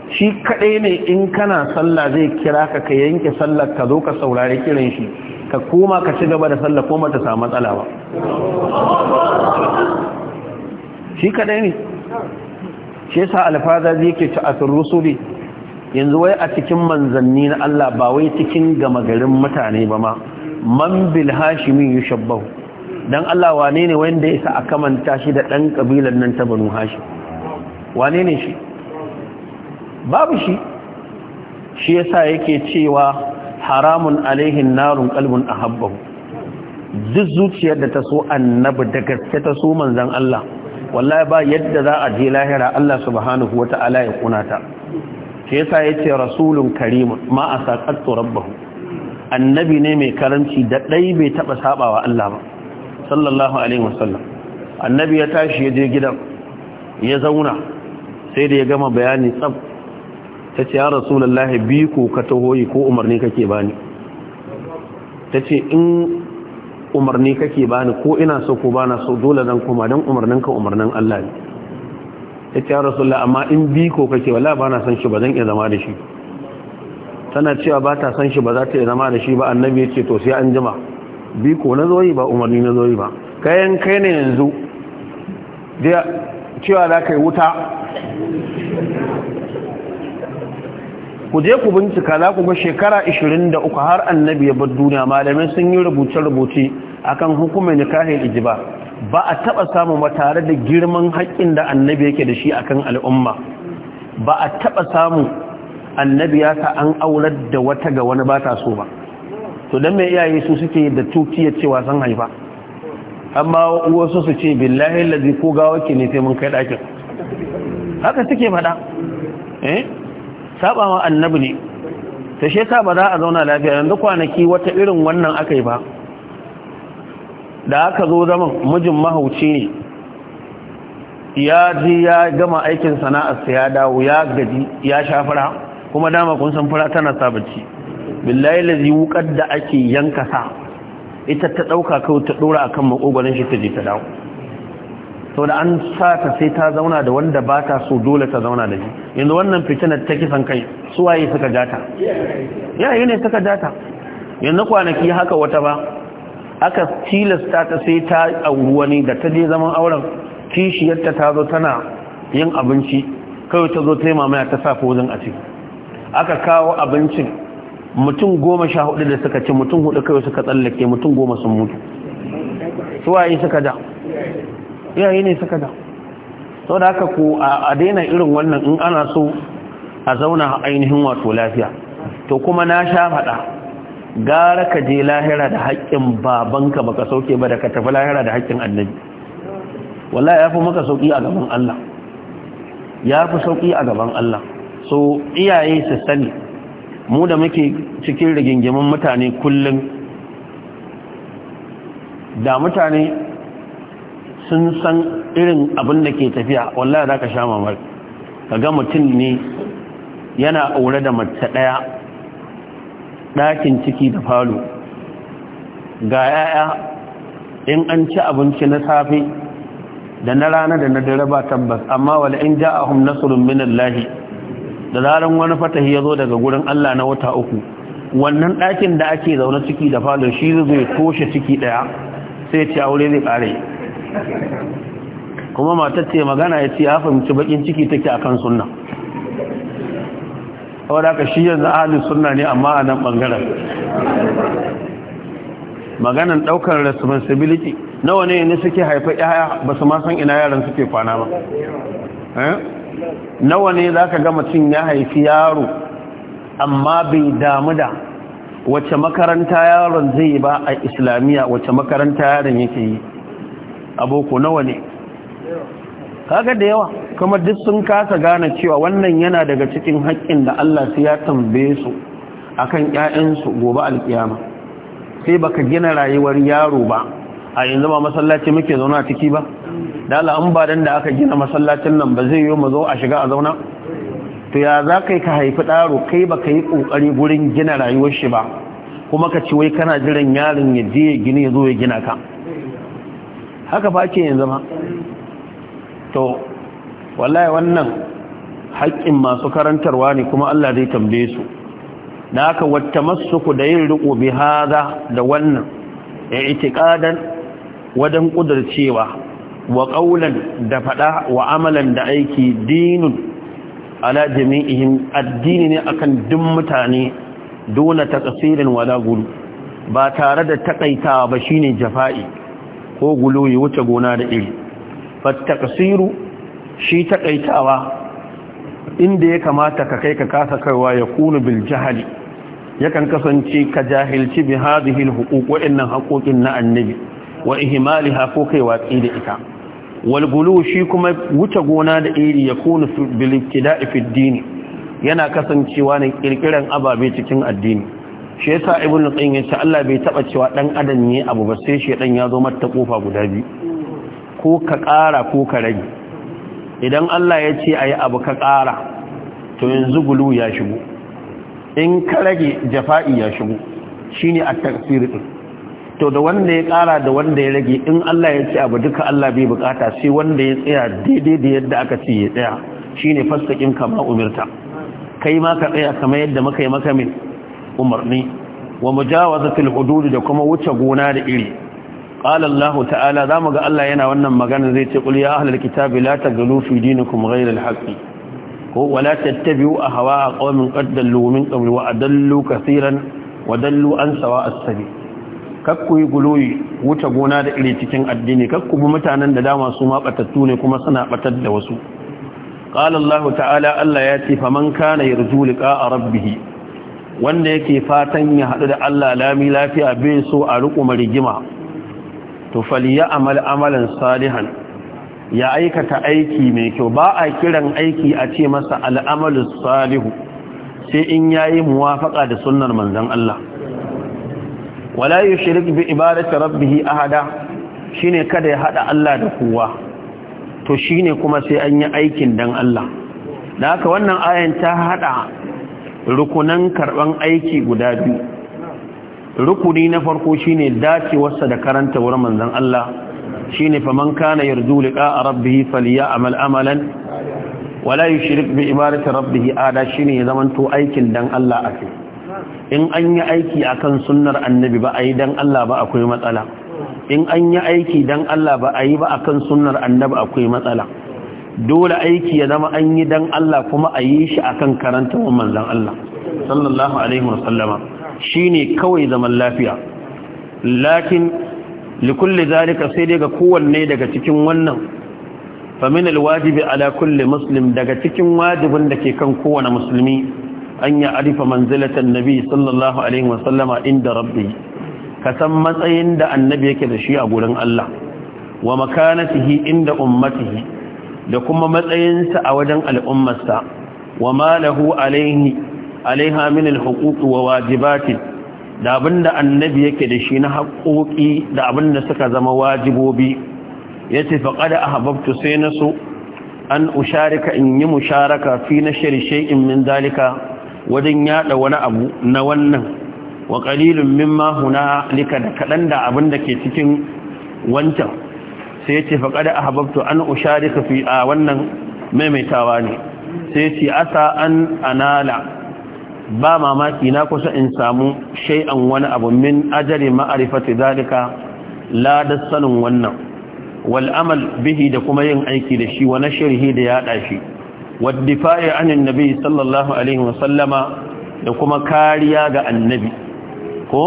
shi kaɗai ne in kana sallah zai kira ka ka yanke sallar ka zo ka saurari kiran shi ka koma ka ci gaba da sallah ko ta samu matsala ba shi kaɗai ne shi sa alfaza zai ke ci a yanzu wai a cikin manzanni na Allah ba wai cikin gama garin mutane ba ma man bil hashimi yushabbahu dan Allah wane ne wanda ya sa a kamanta shi da ɗan ƙabilan nan ta banu hashi wane ne shi babu shi shi sa yake cewa haramun alaihin narun a ahabbahu duk zuciyar da ta so annabi da gaske ta so manzon Allah wallahi ba yadda za a je lahira Allah subhanahu ta'ala ya ta. shi yasa yace rasulun karim ma asaqatu rabbahu annabi ne mai karanci da ɗai bai taɓa sabawa Allah ba sallallahu alaihi wasallam annabi ya tashi ya je gidan ya zauna sai da ya gama bayani tsab ta ce ya rasulullahi bi ko ka tahoyi ko umarni kake bani ta ce in umarni kake bani ko ina so ko bana so dole zan koma don umarnin ka umarnin Allah ne ta ce ya rasulullahi amma in bi ko kake wallahi bana san shi ba zan iya zama da shi tana cewa ba ta san shi ba za ta iya zama da shi ba annabi ya ce to sai an jima bi ko na zoyi ba umarni na zoyi ba kayan kai ne yanzu da cewa za ka wuta ku je ku bincika za ku ga shekara 23 har annabi ya bar duniya malamai sun yi rubuce-rubuce akan hukumar nikahin ijiba ba a taɓa samun ba tare da girman haƙƙin da annabi yake da shi akan al'umma ba a taba samun annabi ya ta an aurar da wata ga wani ba ta so ba to dan mai iyaye su suke da ya ce wasan haifa amma wasu su ce billahi lazi ko gawa ke ne sai mun kai ɗakin haka suke faɗa eh saba ma annabi ne ta she ta ba za a zauna lafiya yanzu kwanaki wata irin wannan aka yi ba da aka zo zaman mijin mahauci ne ya ji ya gama aikin sana'arsa ya dawo ya gaji ya sha fara kuma dama kun san fara tana sa bacci billahi lazi wukar da ake yanka sa ita ta ɗauka kai ta ɗora akan makogonin shi ta je ta dawo sau da an sa ta sai ta zauna da wanda ba ta so dole ta zauna da shi yanzu wannan fitinar ta kisan kai suwaye suka jata yayi ne suka jata yanzu kwanaki haka wata ba aka tilasta ta sai ta auri wani da ta je zaman auren kishiyarta ta zo tana yin abinci kawai ta zo taimama ta sa fozin a ciki aka kawo abincin mutum goma sha hudu da suka ce mutum hudu kawai suka tsallake mutum goma sun mutu suwaye suka da iyaye ne suka da sau da haka ko a daina irin wannan in ana so a zauna ainihin wato lafiya to kuma na sha faɗa gara ka je lahira da haƙƙin babanka baka sauke ba da ka tafi lahira da haƙƙin annabi wallahi ya fi maka sauƙi a gaban Allah ya fi sauƙi a gaban Allah so iyaye su sani mu da muke cikin rigingimin mutane kullum da mutane sun san irin abin da ke tafiya wallahi za ka sha mamar ga mutum ne yana aure da mace ɗaya ɗakin ciki da falo ga yaya in an ci abinci na safe da na rana da na dare ba tabbas amma wala in ja'ahum nasrun minallahi da zarar wani fatahi ya zo daga gurin Allah na wata uku wannan ɗakin da ake zaune ciki da falon shi zai toshe ciki ɗaya sai ce aure zai ƙare kuma matar ce magana ya ce ya fahimci bakin ciki take a kan sunna wadda ka shi yanzu ahalin sunna ne amma a nan ɓangaren maganan ɗaukar responsibility nawa ne ne suke haifa 'ya'ya ba su ma san ina yaran suke kwana ba eh? nawa ne za ka gama cin ya haifi yaro amma bai damu da wacce makaranta yaron zai ba a islamiyya wacce makaranta yaron yake yi aboko nawa ne kaga da yawa kuma duk sun kasa gane cewa wannan yana daga cikin haƙƙin da Allah sai ya tambaye su akan ƴaƴansu gobe alƙiyama sai baka gina rayuwar yaro ba a yanzu ba masallaci muke zauna ciki ba dala an ba da aka gina masallacin nan ba zai yi mu zo a shiga a zauna to ya za kai ka haifi ɗaro kai ba ka yi ƙoƙari gurin gina rayuwar shi ba kuma ka ci wai kana jiran yaron ya je ya gina ya zo ya gina ka haka ba ke yanzu ma to wallahi wannan haƙƙin masu karantarwa ne kuma Allah zai tambaye su Na haka wata masuku da yin riƙo bi haza da wannan ya itiƙadan wajen ƙudurcewa wa da faɗa wa amalan da aiki dinun ala jami'ihim addini ne akan duk mutane dole ta kasirin wala gulu ba tare da taƙaita ba shine jafa'i ko gulu wuce gona da iri fattakasiru shi taƙaitawa? inda ya kamata ka kai ka kasa kaiwa ya kunu bil yakan kasance ka jahilci bi hadhihi al huquq na annabi wa ihmaliha ko kai watsi da ita walgulu shi kuma wuce gona da iri ya kuna bilibtida'i fi yana kasancewa ne kirkiran ababe cikin addini shi ya sa yasa ibnu ya yace Allah bai taba cewa ɗan adam ne abu ba sai shi dan ya zo mata kofa guda biyu ko ka ƙara ko ka rage idan Allah ya ce a yi abu ka ƙara to yanzu gulu ya shigo in ka rage jafa'i ya shigo shi ne a tafsirin to da wanda ya kara da wanda ya rage in Allah ya ce abu duka Allah bai bukata sai wanda ya tsaya daidai da yadda aka ce ya tsaya shine fasakin kama umirta kai ma ka tsaya kamar yadda muka yi maka min umarni wa mujawazatil hudud da kuma wuce gona da iri qala Allah ta'ala zamu ga Allah yana wannan magana zai ce qul ya ahlal kitabi la taghlu fi dinikum ghayra al-haqqi ko wala tattabi'u ahwa'a qawmin qad dallu min qabl wa adallu kasiran, wa dallu an sawa'a as-sabil kakku yi guloyi wuce gona da iri cikin addini kakku bi mutanen da dama su ma batattu ne kuma suna batar da wasu qala Allah ta'ala Allah ya ce faman kana yarju liqa rabbihi wanda yake fatan ya hadu da Allah lami lafiya bai so a riƙo marigima to falyamal amalan salihan ya aikata aiki mai kyau ba a kiran aiki a ce masa al'amalin salihu sai in yayi muwafaqa da sunnar manzon Allah wala yushrik bi ibadati rabbih ahada shine kada ya hada Allah da kowa to shine kuma sai an yi aikin dan Allah da haka wannan ayan ta hada rukunan karban aiki guda biyu rukuni na farko shine dacewarsa da karanta wurin manzon Allah shine faman kana yarju liqa rabbih falyamal amalan wala yushrik bi ibadati rabbih ada shine zaman to aikin dan Allah akai in an yi aiki akan sunnar annabi ba a yi don Allah ba akwai matsala in an yi aiki don Allah ba a yi ba akan sunnar annabi akwai matsala dole aiki ya zama an yi don Allah kuma a yi shi akan karanta manzan Allah sallallahu alaihi wasallama ne kawai zaman lafiya lakin likulli zalika sai daga kowanne daga cikin wannan famin alwajibi ala kulli muslim daga cikin wajibin da ke kan kowane musulmi an ya arifa manzilatan nabi sallallahu alaihi wasallama inda rabbi ka san matsayin da annabi yake da shi a gurin Allah wa makanatihi inda ummatihi da kuma matsayinsa a wajen al'ummarsa wa ma lahu alaihi alaiha min alhuquq wa wajibati da abinda annabi yake da shi na haƙoƙi da abinda suka zama wajibobi yace faqad ahbabtu sai so. an usharika in yi musharaka fi nashri shay'in min dalika wajen yada wani abu na wannan wa kalilun mimma lika da kadan da abin da ke cikin wancan sai ce yace faqad ahbabtu an usharika fi a wannan maimaitawa ne sai ce asa an anala ba mamaki na kusa in samu shai'an wani abu min ajari ma'rifati zalika la sanin wannan wal'amal bihi da kuma yin aiki da shi wa nashrihi da yada shi waddifa'i anin nabi sallallahu alaihi wasallama da kuma kariya ga annabi ko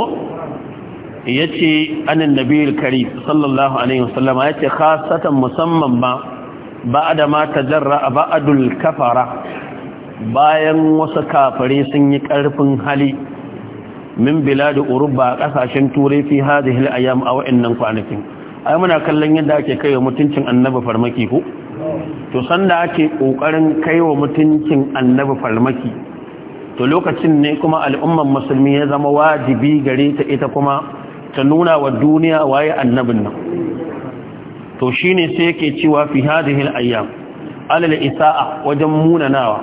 yace anin nabiyul kari sallallahu alaihi wasallama yace khasatan musamman ma ba'da ma tajarra ba'dul kafara bayan wasu kafare sun yi karfin hali min bilad urba kasashen turai fi hadhihi al-ayyam aw innan kwanakin ai muna kallon yadda ake kai mutuncin annabi farmaki ko to sanda ake kokarin kaiwa mutuncin annabi farmaki to lokacin ne kuma al'umman musulmi ya zama wajibi gare ta ita kuma ta nuna wa duniya waye annabin nan to shine sai yake cewa fi hadhihi al-ayyam alal isa'a wajen munanawa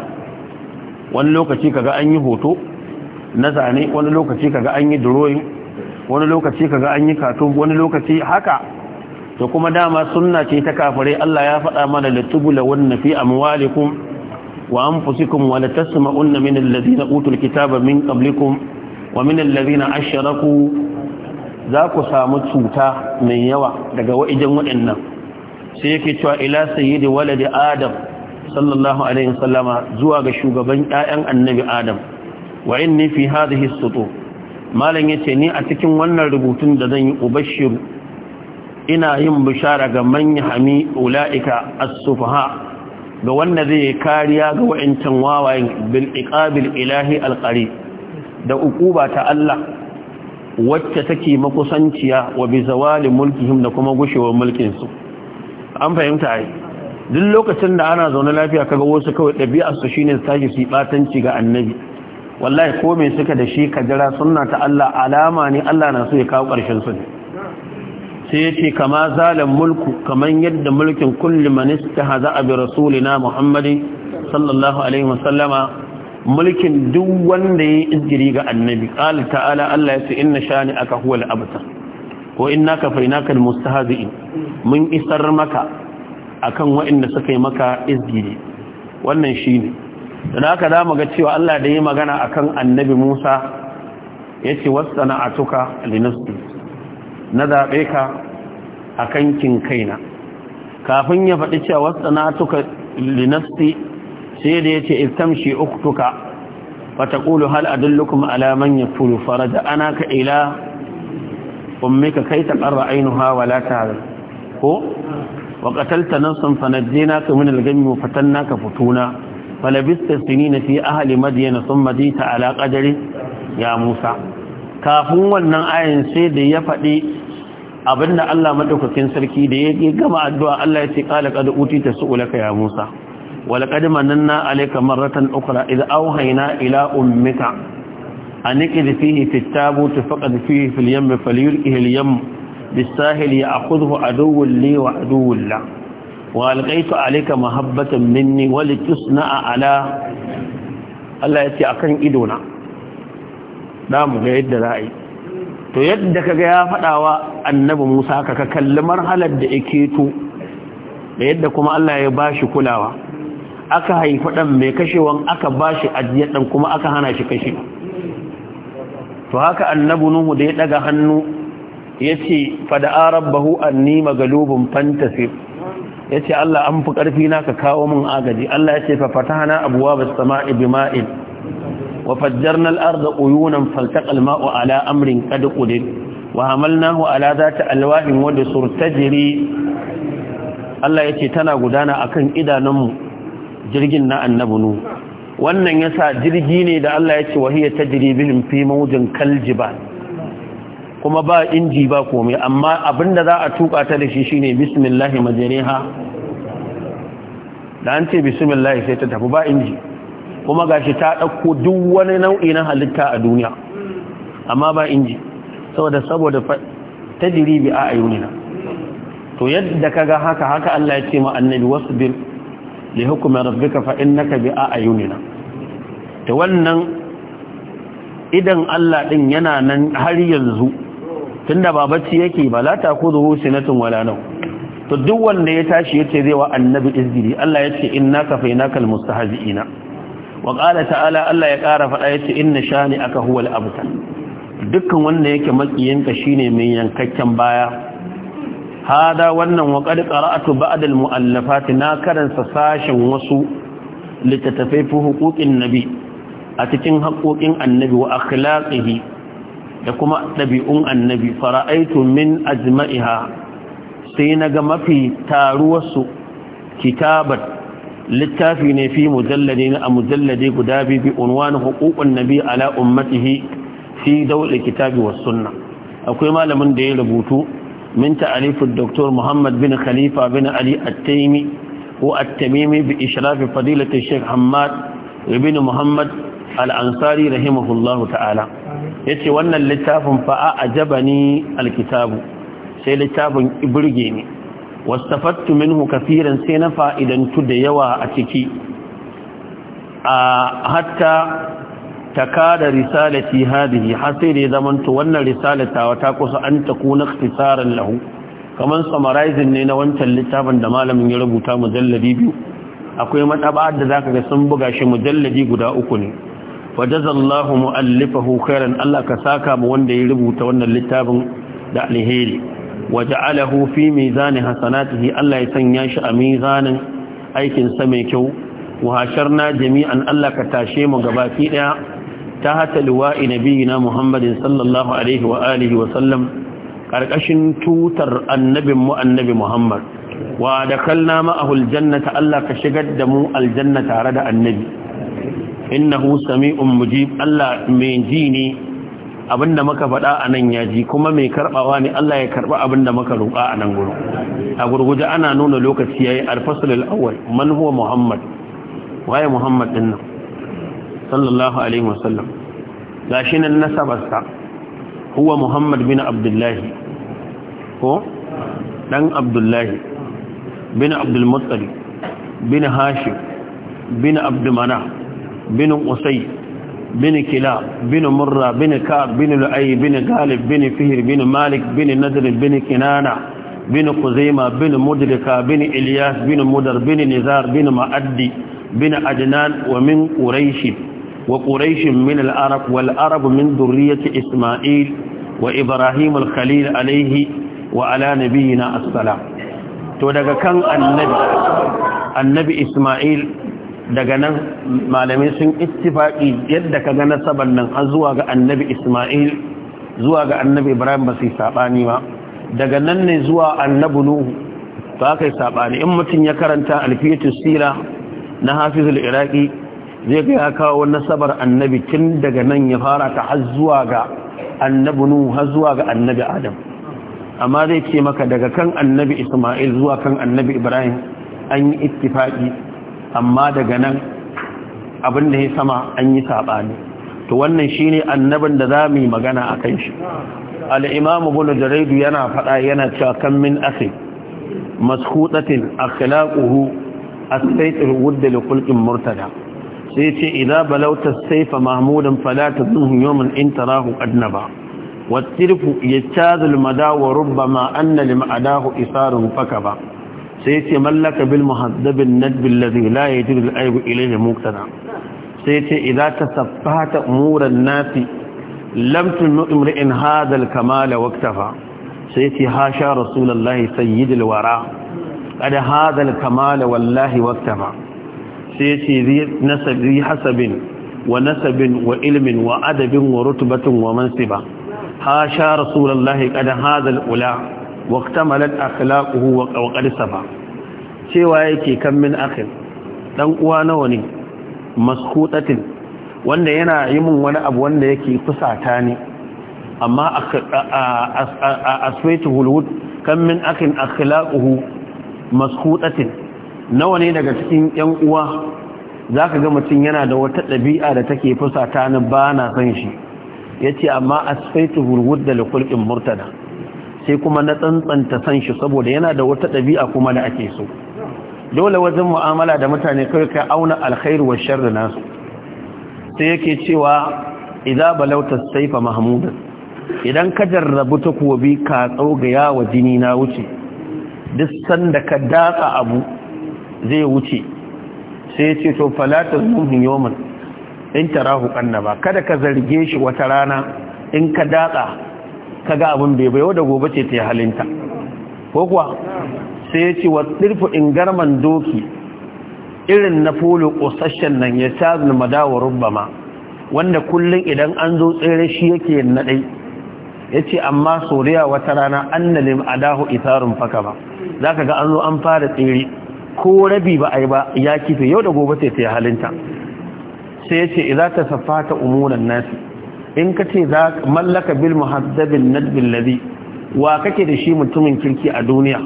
wani lokaci kaga an yi hoto na zane wani lokaci kaga an yi drawing wani lokaci kaga an yi cartoon wani lokaci haka to kuma dama sunna ce ta kafare Allah ya faɗa mana litubula wanna fi amwalikum wa anfusikum wa latasma'unna min alladhina utul kitaba min qablikum wa min alladhina ashraku za ku samu cuta mai yawa daga wa'ijin waɗannan sai yake cewa ila sayyidi waladi adam sallallahu alaihi zuwa ga shugaban ƴaƴan annabi adam wa inni fi hadhihi sutu malan yace ni a cikin wannan rubutun da zan yi ubashiru ina yin bishara ga manyan hami, ulaika as-sufaha ga wanda zai kariya ga wa'incan wawayen bil iqabil ilahi alqari da ukuba ta Allah wacce take makusanciya wa bi zawali mulkihim da kuma gushewar mulkin su an fahimta ai duk lokacin da ana zaune lafiya kaga wasu kawai ɗabi'arsu shine ne tashi su batanci ga annabi wallahi ko me suka da shi ka jira sunna ta Allah alama ne Allah na so ya kawo ƙarshen su ne sai yace kama zalan mulku kaman yadda mulkin kulli manista haza bi rasulina muhammadin sallallahu alaihi wasallama mulkin duk wanda yayi injiri ga annabi qala ta'ala Allah yace inna shani aka al-abta ko innaka fainaka mustahazi mun isar maka akan waɗanda suka yi maka izgiri wannan shine dan haka zamu ga cewa Allah da yi magana akan annabi Musa yace wasana atuka linasti na zaɓe ka a kankin kaina kafin ya faɗi cewa wasu na tuka linasti sai da ya ce iftamshi uku tuka wata ƙulu hal a dullukun alaman ya fulu fara da ana ka ila ƙumme ka kai ta ƙarra ainihu hawa latarar ko wa ƙatalta nan sun fanaje na ka min algami mafatan na ka fituna falabistar sini na fi ahali madiyana sun madita ala ƙajare ya musa kafin wannan ayin sai da ya faɗi abinda Allah madaukakin sarki da ya gama addu'a Allah ya ce qala qad utita su'ulaka ya Musa wa laqad mananna alayka marratan idan id awhayna ila ummika an da fiye fi at-tabut faqad fihi fil yam falyulqihi al-yam bis-sahil a aduwwun li wa aduwwun la wa alqaytu alayka mahabbatan minni wa a ala Allah ya ce akan idona za ga yadda za a yi to yadda kaga ya faɗawa annabi Musa ka kalli marhalar da yake to da yadda kuma Allah ya bashi kulawa aka haifi dan mai kashewan aka bashi ajiyar dan kuma aka hana shi kashe to haka annabi Nuhu da ya daga hannu yace fada'a rabbahu anni magalubun Ya yace Allah an fi karfi na ka kawo min agaji Allah yace fa fatahna abwaabas samaa'i bima'in وفجرنا الأرض عيونا فالتقى الماء على أمر قد قدر وعملناه على ذات ألواح ودسر تجري الله يتتنا قدانا أكن إذا نمو جرجنا أن نبنو wannan yasa jirgi ne da Allah ya ce wahiya tajri bihim fi mawjin kuma ba inji ba komai amma abinda za a tuka ta da shi shine bismillah majriha da an ce bismillah sai ta tafi ba inji kuma ga shi ta ɗauko duk wani nau'i na halitta a duniya amma ba inji saboda saboda ta jiribi a to yadda ka ga haka haka Allah ya ce ma annabi wasbir li hukmi rabbika fa innaka bi ayunina to wannan idan Allah ɗin yana nan har yanzu tunda ba bacci yake ba la sinatun wala nau to duk wanda ya tashi yace zai wa annabi izgiri Allah yace kafaina fainakal mustahzi'ina wa ƙala ta'ala Allah ya ƙara faɗa ya ce inna shani aka huwal abtar dukkan wanda yake makiyanka shine mai yankakken baya hada wannan wa ƙara'atu qara'atu ba'd al-mu'allafat na karanta sashen wasu littattafai fi huquqin nabi a cikin haƙoƙin annabi wa akhlaqihi da kuma ɗabi'un annabi fara'aitu min ajma'iha sai na ga mafi taruwarsu kitabat littafi ne fi mujallade a mujallade guda bibi unwani hukukun nabi ala ummatihi fi daula kitabi wa sunna akwai malamin da ya rubutu min ta'alifin Dr. muhammad bin khalifa bin ali at-taimi ko at-tamimi bi ishrafi fadilati sheikh hammad ibn muhammad al-ansari rahimahullahu ta'ala yace wannan littafin fa a ajabani al-kitabu sai littafin ibirge ne wastafattu minhu kafiran sai na fa'idantu da yawa a ciki a hatta takada risalati hadihi har sai da ya zamanto wannan risalatawa ta kusa an ta kuna ikhtisaran lahu Kamar samarizin ne na wancan littafin da malamin ya rubuta mujalladi biyu akwai madaba da zaka ga sun buga shi mujalladi guda uku ne wajazallahu muallifahu khairan Allah ka saka mu wanda ya rubuta wannan littafin da alheri Waje waja'alahu fi mizani hasanatihi Allah ya sanya shi a mizanin zanen aikinsa mai kyau wa na jami'an Allah ka tashe mu fi ɗaya. ta hata liwa'i nabiyina Muhammadin sallallahu alaihi wa alihi wa tutar annabin mu annabi Muhammad wa kalna ma'ahu aljannata Allah ka shigar da mu aljanna tare da annabi innahu sami'un mujib Allah mai ji ne abinda muka faɗa a nan ya ji kuma mai karɓawa ne Allah ya karɓa abinda muka roƙa a nan gurin a gurguje ana nuna lokaci yayi al-fasl al-awwal man huwa muhammad waye muhammad din nan sallallahu alaihi wasallam gashi nan nasabarsa huwa muhammad bin abdullahi ko dan abdullahi bin abdul muttalib bin hashim bin abdumana bin usayd بن كلاب بن مرة بن كعب بن لؤي بن غالب بن فهر بن مالك بن نذر بن كنانة بن خزيمة بن مدركة بن إلياس بن مدر بن نزار بن مأدي بن عدنان ومن قريش وقريش من العرب والعرب من ذرية إسماعيل وإبراهيم الخليل عليه وعلى نبينا السلام تودك كان النبي النبي إسماعيل daga nan malamai sun ittifaki yadda ka ga saban nan an zuwa ga annabi isma'il zuwa ga annabi ibrahim ba su saɓani ba daga nan ne zuwa annabi nuhu ba aka yi saɓani in mutum ya karanta alfiyatun sira na hafizul iraki zai ga ya kawo nasabar annabi tun daga nan ya fara ta har zuwa ga annabi nuhu har zuwa ga annabi adam amma zai ce maka daga kan annabi isma'il zuwa kan annabi ibrahim an yi ittifaki amma daga nan abin da ya sama an yi saɓani to wannan shi ne annabin da za mu yi magana a kan shi al'imamu da raidu yana faɗa yana cewa min ase maskuɗatin a khilaƙuhu a saitar wudda kulkin murtada sai ce idan balauta saifa mahmudin falata zuhun yomin in ya adnaba والترف يجتاز ma annalin أن لمعداه faka ba. sai ce mallaka bil muhaddabin nadb alladhi la yajidu al-ayb ilayhi muqtada sai ce idza tasaffahata umuran nasi lam tunu imri'in hadha al-kamala waqtafa sai yace hasha rasulullahi sayyidul wara qad hadha al-kamala wallahi waqtafa sai yace zi nasabi hasabin wa nasabin wa ilmin wa adabin wa rutbatin wa mansiba hasha rasulullahi qad hadha al-ula waqtamalat akhlaquhu wa qawqal safa cewa yake kan min akhir dan uwa nawa ne maskutatin wanda yana yi min wani abu wanda yake kusata ne amma aswaituhu alwud kan min akhin akhlaquhu maskutatin nawa ne daga cikin yan uwa zaka ga mutum yana da wata dabi'a da take fusata ni ba na san shi yace amma asfaituhu alwud da likulqin murtada sai kuma na tsantsanta san shi saboda yana da wata ɗabi'a kuma da ake so dole wajen mu'amala da mutane kawai ka auna alkhairu wa sharri nasu sai yake cewa idza balauta saifa mahmudan idan ka jarrabu takobi ka tsogaya wa jini na wuce duk sanda ka datsa abu zai wuce sai ya ce to falatun muhin yoman in tarahu ba kada ka zarge shi wata rana in ka datsa kaga abin bai bai da gobe ce ta yi halinta ko kuwa sai ya ce wa ɗirfu ingarman doki irin na folo ƙosashen nan ya na madawa rubama wanda kullum idan an zo tsere shi yake naɗai ya ce amma soriya wata rana an a adahu isarun faka ba za ka ga an zo an fara tsere ko rabi ba a yi ba ya kife yau da gobe ce ta yi halinta sai ya ce idan ta safa ta umunan nasi in ka ce za mallaka bil muhaddabin nadbin ladhi wa kake da shi mutumin kirki a duniya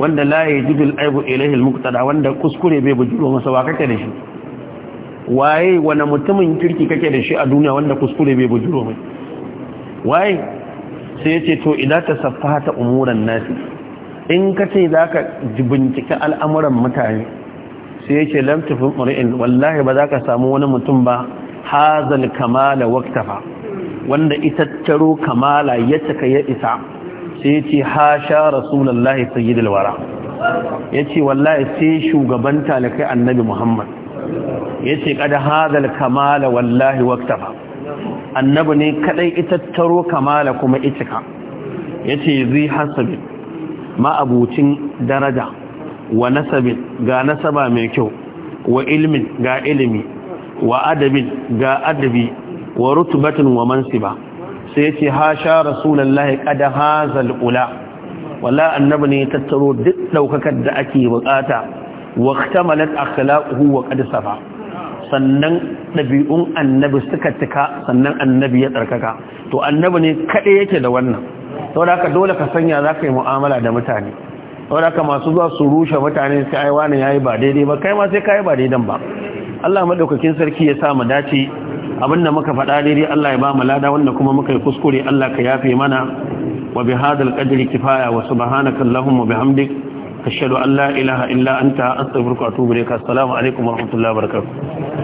wanda la yajidul aibu ilayhi almuqtada wanda kuskure bai bujuro masa wa kake da shi waye wani mutumin kirki kake da shi a duniya wanda kuskure bai bujuro mai waye sai yace to idan ta saffata umuran nasi in ka ce za ka bincika al'amuran mutane sai yace lam tafi murin wallahi ba za ka samu wani mutum ba hazal kamala waktafa wanda taro kamala ya cika ya isa sai ce ha hasha rasulullahi sayyidul wara yace wallahi sai shugaban talakai annabi muhammad yace kada hazal kamala wallahi waktafa annabi ne kadai taro kamala kuma itika yace zai hasabi ma abucin daraja wa nasabin ga nasaba mai kyau wa ilmin ga ilimi wa adabin ga adabi wa rutubatin wa mansiba sai yace ha sha rasulullahi qad hazal ula wala annabi ne tattaro duk daukakar da ake bukata waqtamalat akhlaquhu wa qad safa sannan dabi'un annabi suka tuka sannan annabi ya tsarkaka to annabi ne kade yake da wannan saboda haka dole ka sanya zaka yi mu'amala da mutane saboda masu zuwa su rushe mutane sai ai wani yayi ba daidai ba kai ma sai kai ba daidan ba Allah madaukakin sarki ya sa mu dace abinda muka faɗa daidai Allah ya ba mu lada wanda kuma muka yi kuskure Allah ka yafe mana wa bi hadal qadri kifaya wa subhanaka allahumma bihamdik ashhadu an la ilaha illa anta astaghfiruka wa atubu ilaik assalamu alaikum wa rahmatullahi wa barakatuh